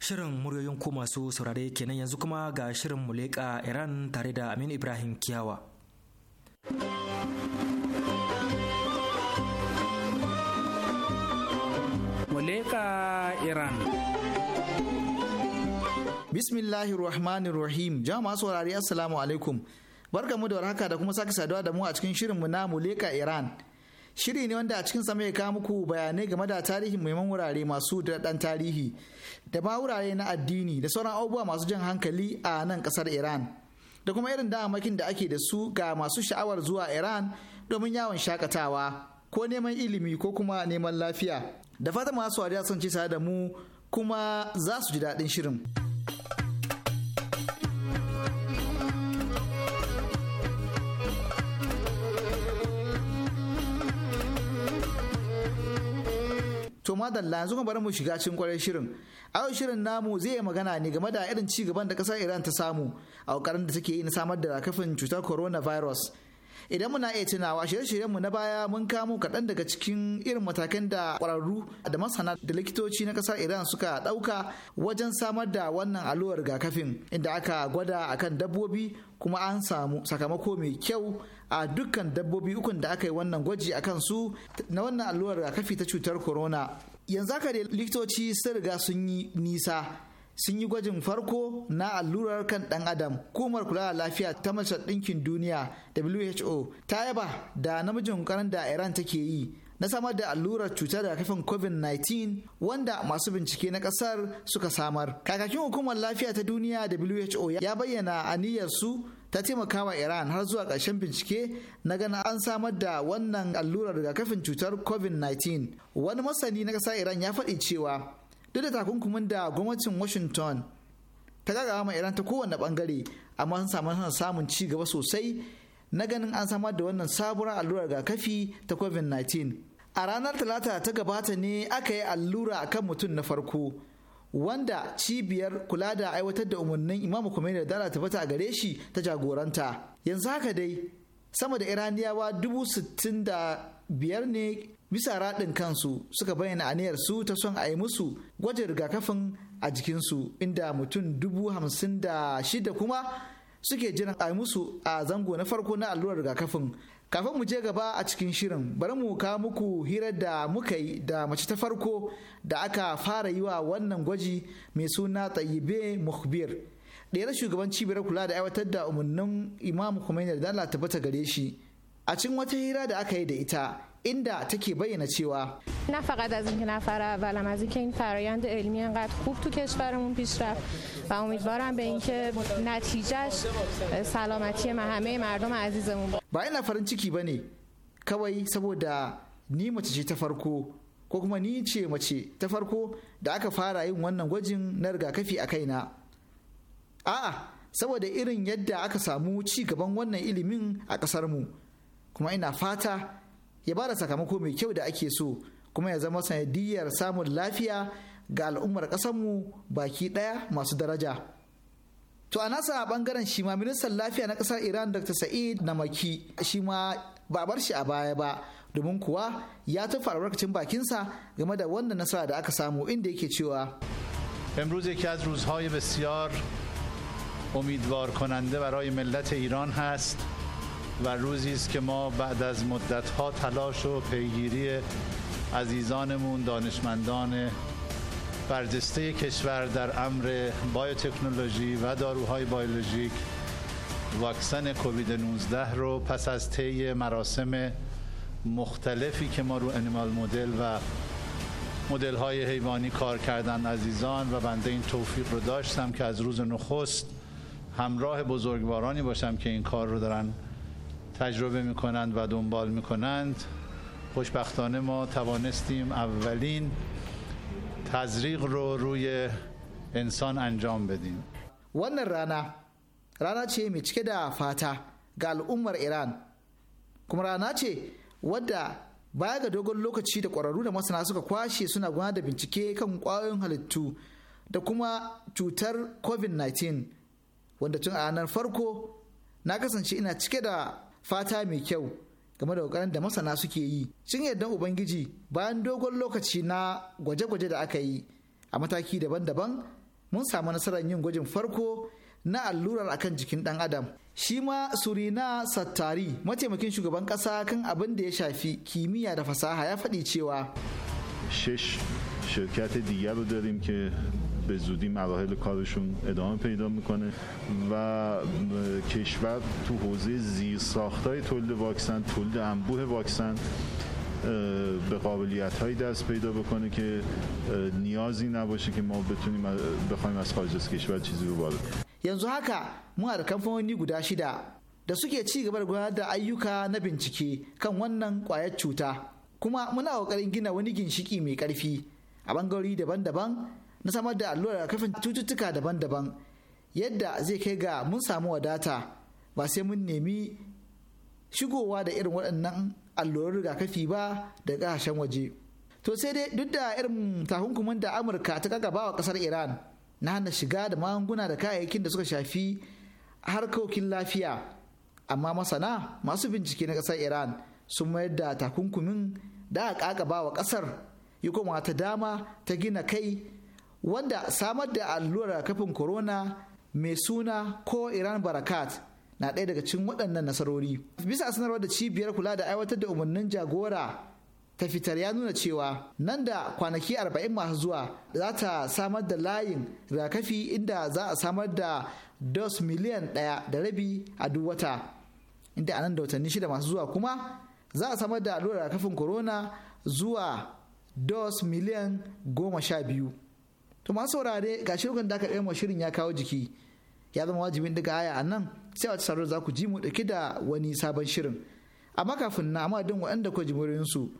Shirin muryoyin ku masu saurare kenan yanzu kuma ga shirin Muleka Iran tare da amin Ibrahim Kiyawa. Iran. Bismillahir Rahmanir Rahim. Jama'a saurari Assalamu alaikum. Barkamu da warhaka da kuma sake saduwa da mu a cikin shirinmu na Muleka Iran. Shiri ne wanda a cikin sa mai kawo muku bayanai game da tarihin muhimman wurare masu dan tarihi da ma wurare na addini da sauran abubuwa masu jan hankali a nan kasar Iran. Da kuma irin damakin da ake da su ga masu sha'awar zuwa Iran domin yawon shakatawa ko neman ilimi ko kuma neman lafiya. da fatan masu wariya sun ci da mu kuma za su ji daɗin shirin. To madalla yanzu kuma bari mu shiga cikin kwarar shirin. A yau shirin namu zai yi magana ne game da irin ci gaban da kasar Iran ta samu a ƙoƙarin da take yi na samar da rakafin cutar coronavirus idan muna iya tunawa shirye-shiryenmu na baya mun kamo kaɗan daga cikin irin matakan da ƙwararru da masana da likitoci na ƙasar iran suka ɗauka wajen samar da wannan allurar rigakafin inda aka gwada akan dabbobi kuma an samu sakamako mai kyau a dukkan dabbobi ukun da aka yi wannan gwaji a su na wannan allurar rigakafi ta cutar corona yanzu haka da likitoci sun riga sun yi nisa sun yi gwajin farko na allurar kan ɗan adam hukumar kula da lafiya ta majalisar ɗinkin duniya who ta yaba da namijin ƙoƙarin da iran take yi na samar da allurar cutar kafin covid-19 wanda masu bincike na kasar suka samar kakakin hukumar lafiya ta duniya who ya bayyana aniyar su ta taimakawa iran har zuwa ƙarshen bincike na gana an samar da wannan allurar rigakafin cutar covid-19 wani masani na ƙasar iran ya faɗi cewa duk da takunkumin da gwamnatin washington ta gagawa ma iran ta kowane bangare amma sun samu samun ci gaba sosai na ganin an samar da wannan sabuwar allurar rigakafi ta covid-19 a ranar talata ta gabata ne aka yi allura a kan mutum na farko wanda cibiyar kula da aiwatar da umarnin imamu Khomeini da dala tabbata a gare shi ta jagoranta yanzu haka dai sama da iraniyawa dubu sittin da biyar ne bisa raɗin kansu suka bayyana aniyar su ta son a yi musu gwajin rigakafin a jikinsu inda mutum dubu hamsin da shida kuma suke jiran a yi musu a zango na farko na allurar rigakafin kafin mu je gaba a cikin shirin bari mu kawo muku hirar da muka yi da mace ta farko da aka fara yi wa wannan gwaji mai suna tsayibe muhbir ɗayar shugaban cibiyar kula da aiwatar da umarnin imam Khomeini da Allah tabbata gare shi a cikin wata hira da aka yi da ita inda take bayyana cewa na فقط na fara نفر اولم از اینکه in farayand ilmi انقدر خوب تو کشورمون پیش رفت و امیدوارم به اینکه نتیجهش سلامتی همه mardom azizamun ba ina farin ciki bane kawai saboda ni mace ce ta farko ko kuma ni ce mace ta farko da aka fara yin wannan gwajin na rigakafi a kaina a'a saboda irin yadda aka samu ci gaban wannan ilimin a mu kuma ina fata ya bada sakamako mai kyau da ake so kuma ya zama sanadiyar samun lafiya ga al'ummar ƙasarmu baki ɗaya masu daraja. To a nasa bangaren shi ma ministan lafiya na ƙasar Iran Dr. Sa'id Namaki shi ma ba bar shi a baya ba domin kuwa ya tafi albarkacin bakinsa game da wannan nasara da aka samu inda yake cewa. امروز یکی از روزهای بسیار امیدوار کننده برای ملت ایران هست و روزی است که ما بعد از مدت ها تلاش و پیگیری عزیزانمون دانشمندان برجسته کشور در امر بایوتکنولوژی و داروهای بیولوژیک واکسن کووید 19 رو پس از طی مراسم مختلفی که ما رو انیمال مدل و مدل های حیوانی کار کردن عزیزان و بنده این توفیق رو داشتم که از روز نخست همراه بزرگوارانی باشم که این کار رو دارن تجربه میکنند و دنبال میکنند خوشبختانه ما توانستیم اولین تزریق رو روی انسان انجام بدیم wannan rana rana ce mai cike da fata ga al'ummar iran kuma rana ce wadda baya ga dogon lokaci da ƙwararru da masana suka kwashe suna gudanar da bincike kan ƙwayoyin halittu da kuma cutar covid-19 wanda tun a ranar farko na kasance ina cike da fata mai kyau game da ƙoƙarin da masana suke yi cin yardan ubangiji bayan dogon lokaci na gwaje-gwaje da aka yi a mataki daban-daban mun samu nasarar yin gwajin farko na allurar akan jikin ɗan adam shi ma surina sattari mataimakin shugaban ƙasa kan abin da ya shafi kimiyya da fasaha ya faɗi cewa به زودی مراحل کارشون ادامه پیدا میکنه و کشور تو حوزه زیر ساختای تولید واکسن تولید انبوه واکسن به قابلیت هایی دست پیدا بکنه که نیازی نباشه که ما بتونیم بخوایم از خارج از کشور چیزی رو وارد yanzu haka muna da kamfanoni guda shida da suke ci gaba da gudanar da ayyuka na bincike kan wannan kwayar cuta kuma muna gina wani na samar da allurar kafin cututtuka daban-daban yadda zai kai ga mun samu wadata ba sai mun nemi shigowa da irin waɗannan allurar rigakafi ba da ƙasashen waje to sai dai duk da irin takunkumin da amurka ta gagaba wa ƙasar iran na hana shiga da magunguna da kayayyakin da suka shafi harkokin lafiya amma masana masu bincike na ƙasar iran sun mayar da takunkumin da aka ƙaƙaba wa ƙasar yi kuma ta dama ta gina kai wanda samar da allurar kafin corona mai suna ko iran barakat na ɗaya daga cikin waɗannan nasarori bisa sanarwar da cibiyar kula da aiwatar da umarnin jagora ta fitar ya nuna cewa nan da kwanaki 40 masu zuwa za ta samar da layin rigakafi inda za a samar da dos miliyan ɗaya da rabi a duk wata inda a nan da watanni shida masu zuwa kuma za a samar da allurar rakafin corona zuwa dos miliyan goma sha biyu to masu saurare ga shirin da aka ɗaya ma shirin ya kawo jiki ya zama wajibin daga aya a nan sai a tsarar za ku ji mu ɗauki da wani sabon shirin amma kafin na amma din waɗanda ku ji su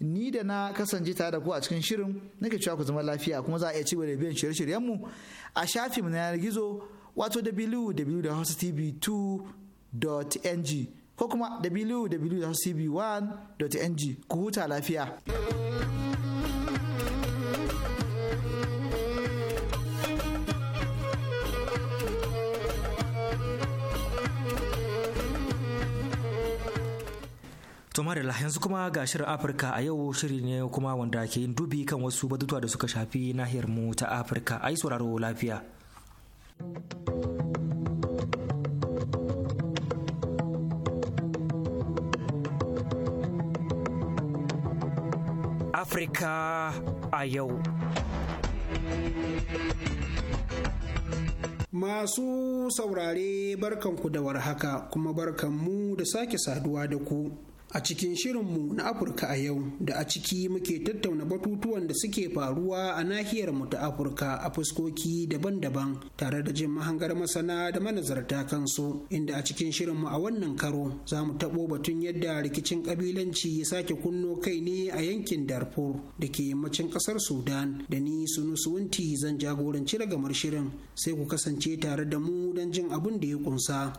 ni da na kasance tare da ku a cikin shirin nake cewa ku zama lafiya kuma za a iya ci da biyan shirye-shiryen mu a shafi mu na yanar gizo wato www.hostv2.ng ko kuma www.hostv1.ng ku huta lafiya. To Marila yanzu kuma ga shirin Afirka a yau shiri ne kuma wanda ke yin dubi kan wasu batutuwa da suka shafi nahiyar mu ta Afirka. a yi sauraro lafiya. Afirka a yau. Masu saurare barkanku da warhaka kuma barkanmu da sake saduwa da ku a cikin shirinmu na afirka a yau da a ciki muke tattauna batutuwan da suke faruwa a nahiyar mu ta afirka a fuskoki daban-daban tare da jin mahangar masana da manazarta kansu inda a cikin shirinmu a wannan karo za mu taɓo batun yadda rikicin ƙabilanci ya sake kunno kai ne a yankin darfur da ke yammacin ƙasar sudan da ni sunu suwunti zan jagoranci ragamar shirin sai ku kasance tare da mu don jin abin da ya kunsa.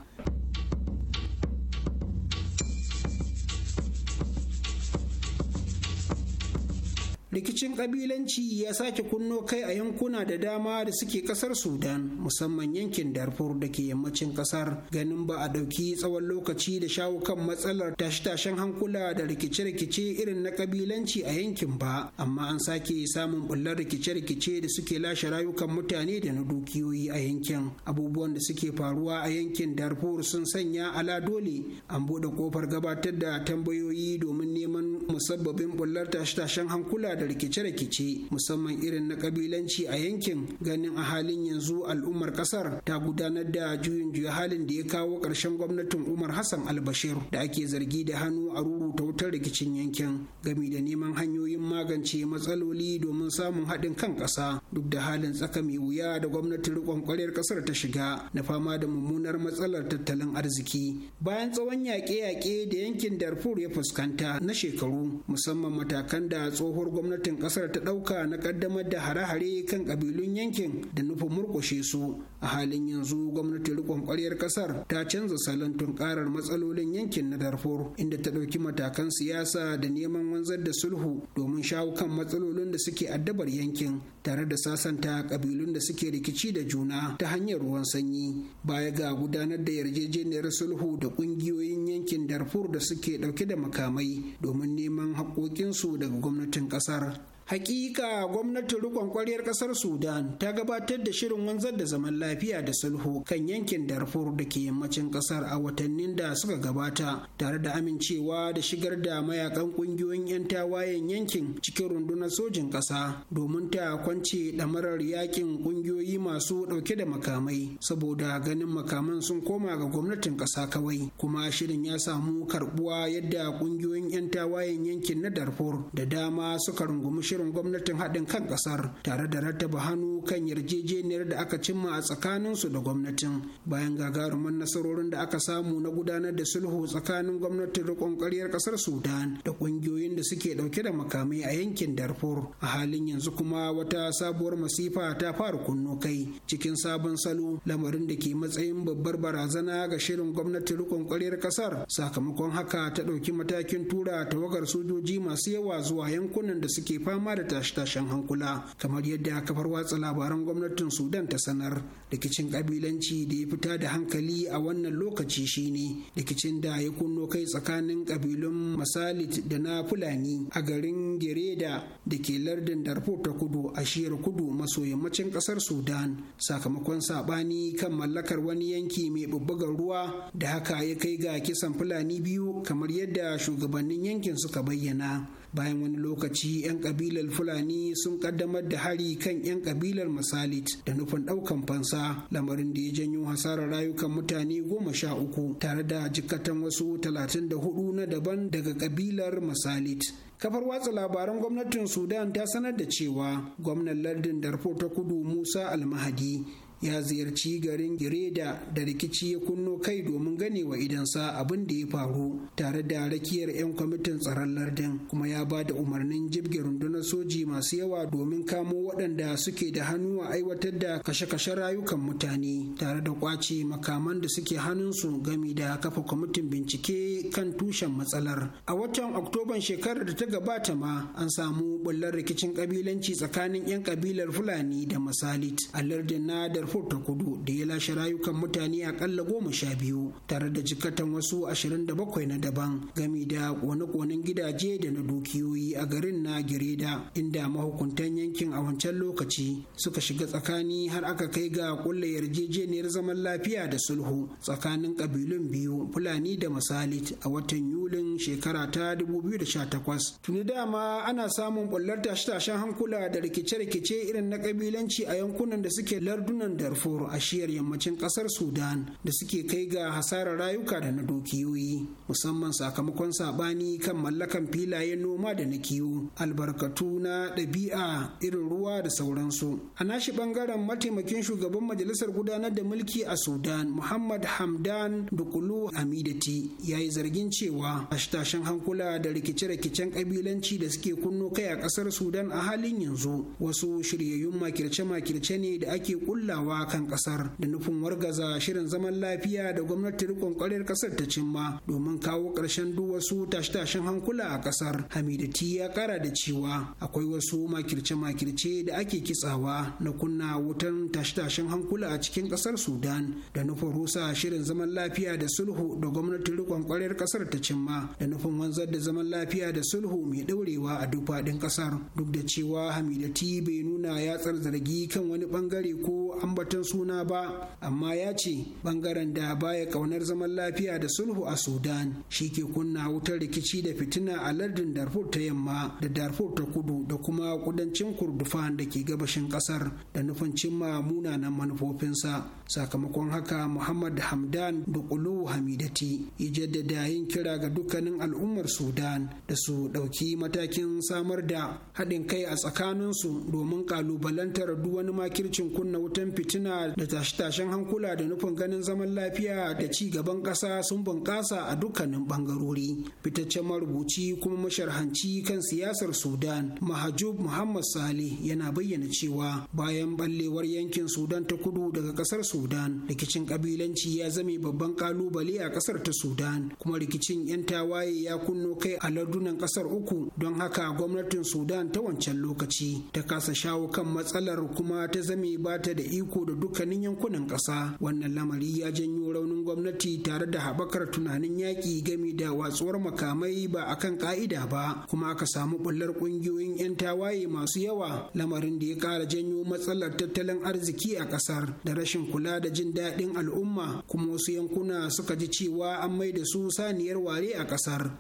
rikicin kabilanci ya sake kunno kai a yankuna da dama da suke kasar sudan musamman yankin darfur da ke yammacin kasar ganin ba a dauki tsawon lokaci da shawo kan matsalar tashe-tashen hankula da rikice-rikice irin na kabilanci a yankin ba amma an sake samun bullar rikice-rikice da suke lashe rayukan mutane da na dukiyoyi a yankin abubuwan da suke faruwa a yankin darfur sun sanya ala dole an bude kofar gabatar da tambayoyi domin neman musabbabin bullar tashe-tashen hankula da rikice-rikice musamman irin na kabilanci a yankin ganin a halin yanzu al'ummar kasar ta gudanar da juyin juya halin da ya kawo ƙarshen gwamnatin umar hassan albashir da ake zargi da hannu a rubuta wutar rikicin yankin gami da neman hanyoyin magance matsaloli domin samun haɗin kan ƙasa duk da halin tsaka mai wuya da gwamnatin riƙon ƙwaryar ƙasar ta shiga na fama da mummunar matsalar tattalin arziki bayan tsawon yaƙe-yaƙe da yankin darfur ya fuskanta na shekaru musamman matakan da tsohuwar gwamnati gwamnatin kasar ta ɗauka na ƙaddamar da hare-hare kan kabilun yankin da nufin murkushe su a halin yanzu gwamnatin rikon ƙwaryar kasar ta canza salon tunkarar matsalolin yankin na darfur inda ta ɗauki matakan siyasa da neman wanzar da sulhu domin shawo kan matsalolin da suke addabar yankin tare da sasanta ƙabilun da suke rikici da juna ta hanyar ruwan sanyi baya ga gudanar da yarjejeniyar sulhu da ƙungiyoyin yankin darfur da suke ɗauke da makamai domin neman haƙoƙinsu daga gwamnatin ƙasa estar Hakika gwamnatin rikon kwaryar kasar Sudan ta gabatar da shirin wanzar da zaman lafiya da sulhu kan yankin Darfur da ke yammacin kasar a watannin da suka gabata tare da amincewa da shigar da mayakan kungiyoyin 'yan tawayen yankin cikin rundunar sojin kasa domin ta kwance damarar yakin kungiyoyi masu dauke da makamai saboda ganin makaman sun koma ga gwamnatin kasa kawai kuma shirin ya samu karbuwa yadda kungiyoyin 'yan tawayen yankin na Darfur da dama suka rungumi shirin gwamnatin haɗin kan ƙasar tare da rattaba hannu kan yarjejeniyar da aka cimma a tsakaninsu da gwamnatin bayan gagarumin nasarorin da aka samu na gudanar da sulhu tsakanin gwamnatin riƙon ƙaryar ƙasar sudan da ƙungiyoyin da suke ɗauke da makamai a yankin darfur a halin yanzu kuma wata sabuwar masifa ta fara kunno kai cikin sabon salo lamarin da ke matsayin babbar barazana ga shirin gwamnatin riƙon ƙaryar ƙasar sakamakon haka ta ɗauki matakin tura tawagar sojoji masu yawa zuwa yankunan da suke fama fama da tashe-tashen hankula kamar yadda kafar watsa labaran gwamnatin sudan ta sanar rikicin kabilanci da ya fita da hankali a wannan lokaci shine rikicin da ya kunno kai tsakanin kabilun masalit da na fulani a garin gereda da ke lardin darfur ta kudu a shiyar kudu maso yammacin kasar sudan sakamakon sabani kan mallakar wani yanki mai bubbugar ruwa da haka ya kai ga kisan fulani biyu kamar yadda shugabannin yankin suka bayyana bayan wani lokaci 'yan kabilar fulani sun kaddamar da hari kan 'yan kabilar masalit da nufin daukan fansa lamarin da ya janyo hasarar rayukan mutane goma sha uku tare da jikatan wasu talatin da hudu na daban daga kabilar masalit kafar watsa labaran gwamnatin sudan ta sanar da cewa gwamnan lardin darfur ta kudu musa almahadi ya ziyarci garin gireda da rikici ya kunno kai domin gane ganewa idansa abin da ya faru tare da rakiyar 'yan kwamitin tsaron lardin kuma ya ba da umarnin jibge rundunar soji masu yawa domin kamo waɗanda suke da hannu a aiwatar da kashe-kashe rayukan mutane tare da kwace makaman da suke hannunsu gami da kafa kwamitin bincike kan tushen matsalar a watan oktoban shekarar da ta gabata ma an samu bullar rikicin kabilanci tsakanin 'yan kabilar fulani da masalit a lardin na darfur ta kudu da ya lashe rayukan mutane akalla goma sha biyu tare da jikatan wasu ashirin da bakwai na daban gami da kone-konen gidaje da na dukiyoyi a garin na gireda inda mahukuntan yankin a wancan lokaci suka shiga tsakani har aka kai ga ƙulla yarjejeniyar zaman lafiya da sulhu tsakanin kabilun biyu fulani da masalit a watan yulin shekara ta 2018 tuni dama ana samun bullar tashe-tashen hankula da rikice-rikice irin na kabilanci a yankunan da suke lardunan darfur a shiyar yammacin kasar sudan da suke kai ga hasarar rayuka da na dukiyoyi musamman sakamakon sabani kan mallakan filayen noma da na kiwo albarkatu na ɗabi'a irin ruwa da sauransu a nashi bangaren mataimakin shugaban majalisar gudanar da mulki a sudan muhammad hamdan dukulu hamidati ya yi zargin cewa tashen hankula da rikice-rikicen kabilanci da suke kunno kai a kasar sudan a halin yanzu wasu shiryayyun makirce-makirce ne da ake kullawa fadawa kan kasar da nufin wargaza shirin zaman lafiya da gwamnati rikon kwarar kasar ta cimma domin kawo ƙarshen duk wasu tashe-tashen hankula a kasar hamidati ya kara da cewa akwai wasu makirce-makirce da ake kitsawa na kunna wutan tashe-tashen hankula a cikin kasar sudan da nufin rusa shirin zaman lafiya da sulhu da gwamnati rikon kwarar kasar ta cimma da nufin wanzar da zaman lafiya da sulhu mai ɗaurewa a duk faɗin kasar duk da cewa hamidati bai nuna yatsar zargi kan wani bangare ko an ambaton suna ba amma ya ce bangaren da baya kaunar zaman lafiya da sulhu a sudan shi ke kunna wutar rikici da fitina a lardin darfur ta yamma da darfur ta kudu da kuma kudancin kurdufan da ke gabashin kasar da nufin cimma munanan manufofinsa sakamakon haka muhammad hamdan da kulu hamidati ya jaddada yin kira ga dukkanin al'ummar sudan da su ɗauki matakin samar da haɗin kai a tsakaninsu domin ƙalubalantar duk wani makircin kunna wutan fitina fitina da tashe-tashen hankula da nufin ganin zaman lafiya da ci gaban ƙasa sun bunƙasa a dukkanin ɓangarori. Fitaccen marubuci kuma masharhanci kan siyasar Sudan, Mahajub Muhammad Saleh yana bayyana cewa bayan ɓallewar yankin Sudan ta kudu daga ƙasar Sudan, rikicin ƙabilanci ya zame babban ƙalubale a ƙasar ta Sudan, kuma rikicin 'yan tawaye ya kunno kai a lardunan ƙasar uku don haka gwamnatin Sudan ta wancan lokaci ta kasa shawo kan matsalar kuma ta zame ba ta da iko iko da dukkanin yankunan ƙasa wannan lamari ya janyo raunin gwamnati tare da haɓakar tunanin yaƙi game da watsuwar makamai ba a kan ƙa'ida ba kuma aka samu ɓullar ƙungiyoyin 'yan tawaye masu yawa lamarin da ya ƙara janyo matsalar tattalin arziki a ƙasar da rashin kula da jin daɗin al'umma kuma wasu yankuna suka ji cewa an mai da su saniyar ware a ƙasar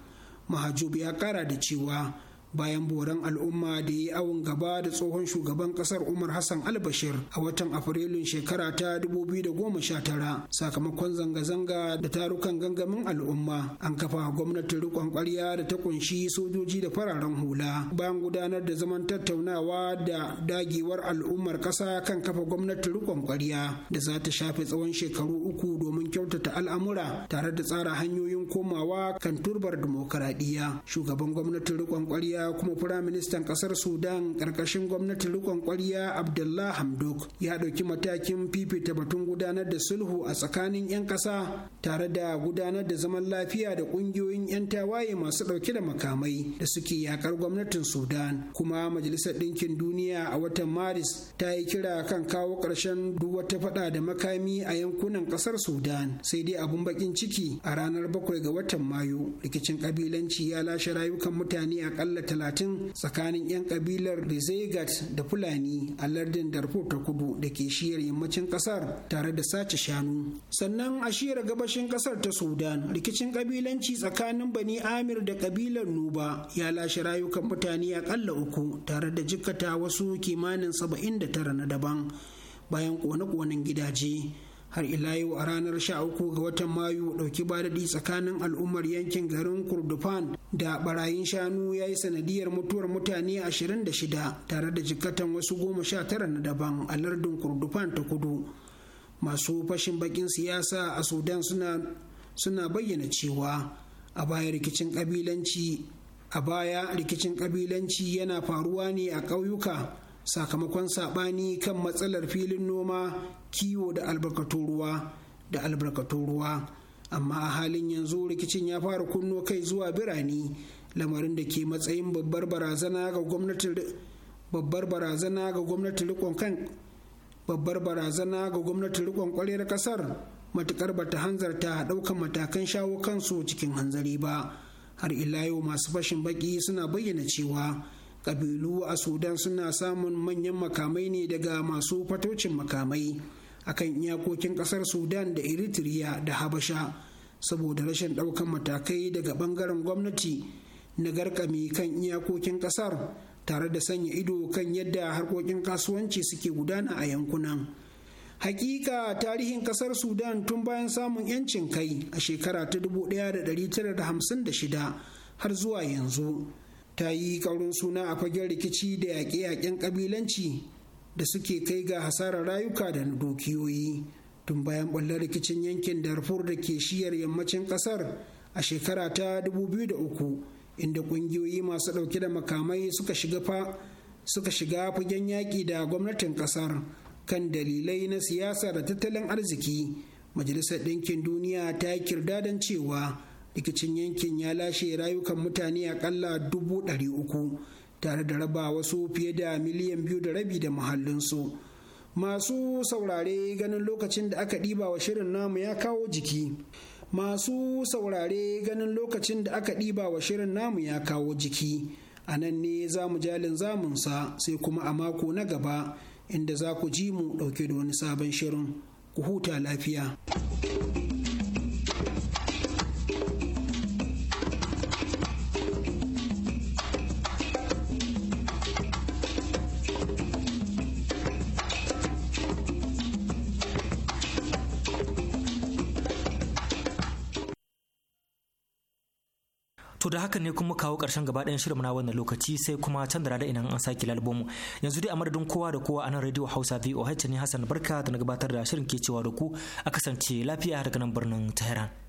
mahajub ya ƙara da cewa bayan boran al'umma da ya yi awon gaba da tsohon shugaban kasar umar hassan albashir a watan afrilun shekara ta 2019 sakamakon zanga-zanga da tarukan gangamin al'umma an kafa gwamnatin rikon kwarya da ta kunshi sojoji da fararen hula bayan gudanar da zaman tattaunawa da dagewar al'ummar kasa kan kafa gwamnatin rikon kwarya da za ta shafe tsawon shekaru uku domin kyautata al'amura tare da tsara hanyoyin komawa kan turbar dimokuraɗiyya shugaban gwamnatin rikon kwarya Siriya kuma Firaministan ƙasar Sudan ƙarƙashin gwamnatin rikon ƙwarya Abdullah Hamdok ya ɗauki matakin fifita batun gudanar da sulhu a tsakanin 'yan ƙasa tare da gudanar da zaman lafiya da ƙungiyoyin 'yan tawaye masu ɗauke da makamai da suke yakar gwamnatin Sudan kuma Majalisar Ɗinkin Duniya a watan Maris ta yi kira kan kawo ƙarshen duk wata faɗa da makami a yankunan ƙasar Sudan sai dai abun baƙin ciki a ranar bakwai ga watan Mayu rikicin ƙabilanci ya lashe rayukan mutane akalla talatin tsakanin 'yan kabilar Rizegat da Fulani a lardin Darfur ta kudu da ke shiyar yammacin kasar tare da sace shanu. Sannan a shiyar gabashin kasar ta Sudan rikicin kabilanci tsakanin Bani Amir da kabilar Nuba ya lashe rayukan mutane akalla uku tare da jikata wasu kimanin saba'in da tara na daban bayan kone-konen gidaje. har ila yau a ranar 13 ga watan mayu dauki badadi tsakanin al'ummar yankin garin kurdufan da barayin shanu ya yi sanadiyar mutuwar mutane 26 tare da jikatan wasu goma sha tara na daban a lardin kurdufan ta kudu masu fashin bakin siyasa a sudan suna, bayyana cewa a kabilanci a baya rikicin kabilanci yana faruwa ne a ƙauyuka sakamakon saɓani kan matsalar filin noma kiwo da albarkatun ruwa da albarkatun ruwa amma a halin yanzu rikicin ya fara kunno kai zuwa birane lamarin da ke matsayin babbar barazana ga gwamnatin rikon kan babbar barazana ga gwamnatin rikon kwarar kasar matukar bata hanzarta daukan matakan shawo kansu cikin hanzari ba har ila yau masu fashin baki suna bayyana cewa kabilu a sudan suna samun manyan makamai ne daga masu fatocin makamai akan iyakokin kasar sudan da eritrea da habasha saboda rashin ɗaukan matakai daga bangaren gwamnati na garkami kan iyakokin kasar tare da sanya ido kan yadda harkokin kasuwanci suke gudana a yankunan hakika tarihin kasar sudan tun bayan samun 'yancin kai a shekara ta 1956 har zuwa yanzu ta yi ƙaurin suna a fagen rikici da yaƙe-yaƙen ƙabilanci da suke kai ga hasarar rayuka da dukiyoyi tun bayan ɓallar rikicin yankin darfur da ke shiyar yammacin ƙasar a shekara ta 2003 inda ƙungiyoyi masu ɗauke da makamai suka shiga suka shiga fagen yaƙi da gwamnatin ƙasar kan dalilai na siyasa da tattalin arziki majalisar ɗinkin duniya ta yi kirdadan cewa rikicin yankin ya lashe rayukan mutane akalla dubu ɗari uku tare da raba wasu fiye da miliyan biyu da rabi da muhallinsu masu saurare ganin lokacin da aka ɗiba wa shirin namu ya kawo jiki masu saurare ganin lokacin da aka ɗiba wa shirin namu ya kawo jiki a nan ne za mu jalin zamunsa sai kuma a mako na gaba inda za ku ji mu ɗauke da wani sabon shirin ku huta lafiya. haka ne kuma kawo karshen gaba ɗayan shirin na wannan lokaci sai kuma canza da rada idan an sake lalbomu yanzu dai a madadin kowa da kowa a nan radio hausa voh ne hassan barka da na gabatar da shirin ke cewa da ku a kasance lafiya daga nan birnin tehran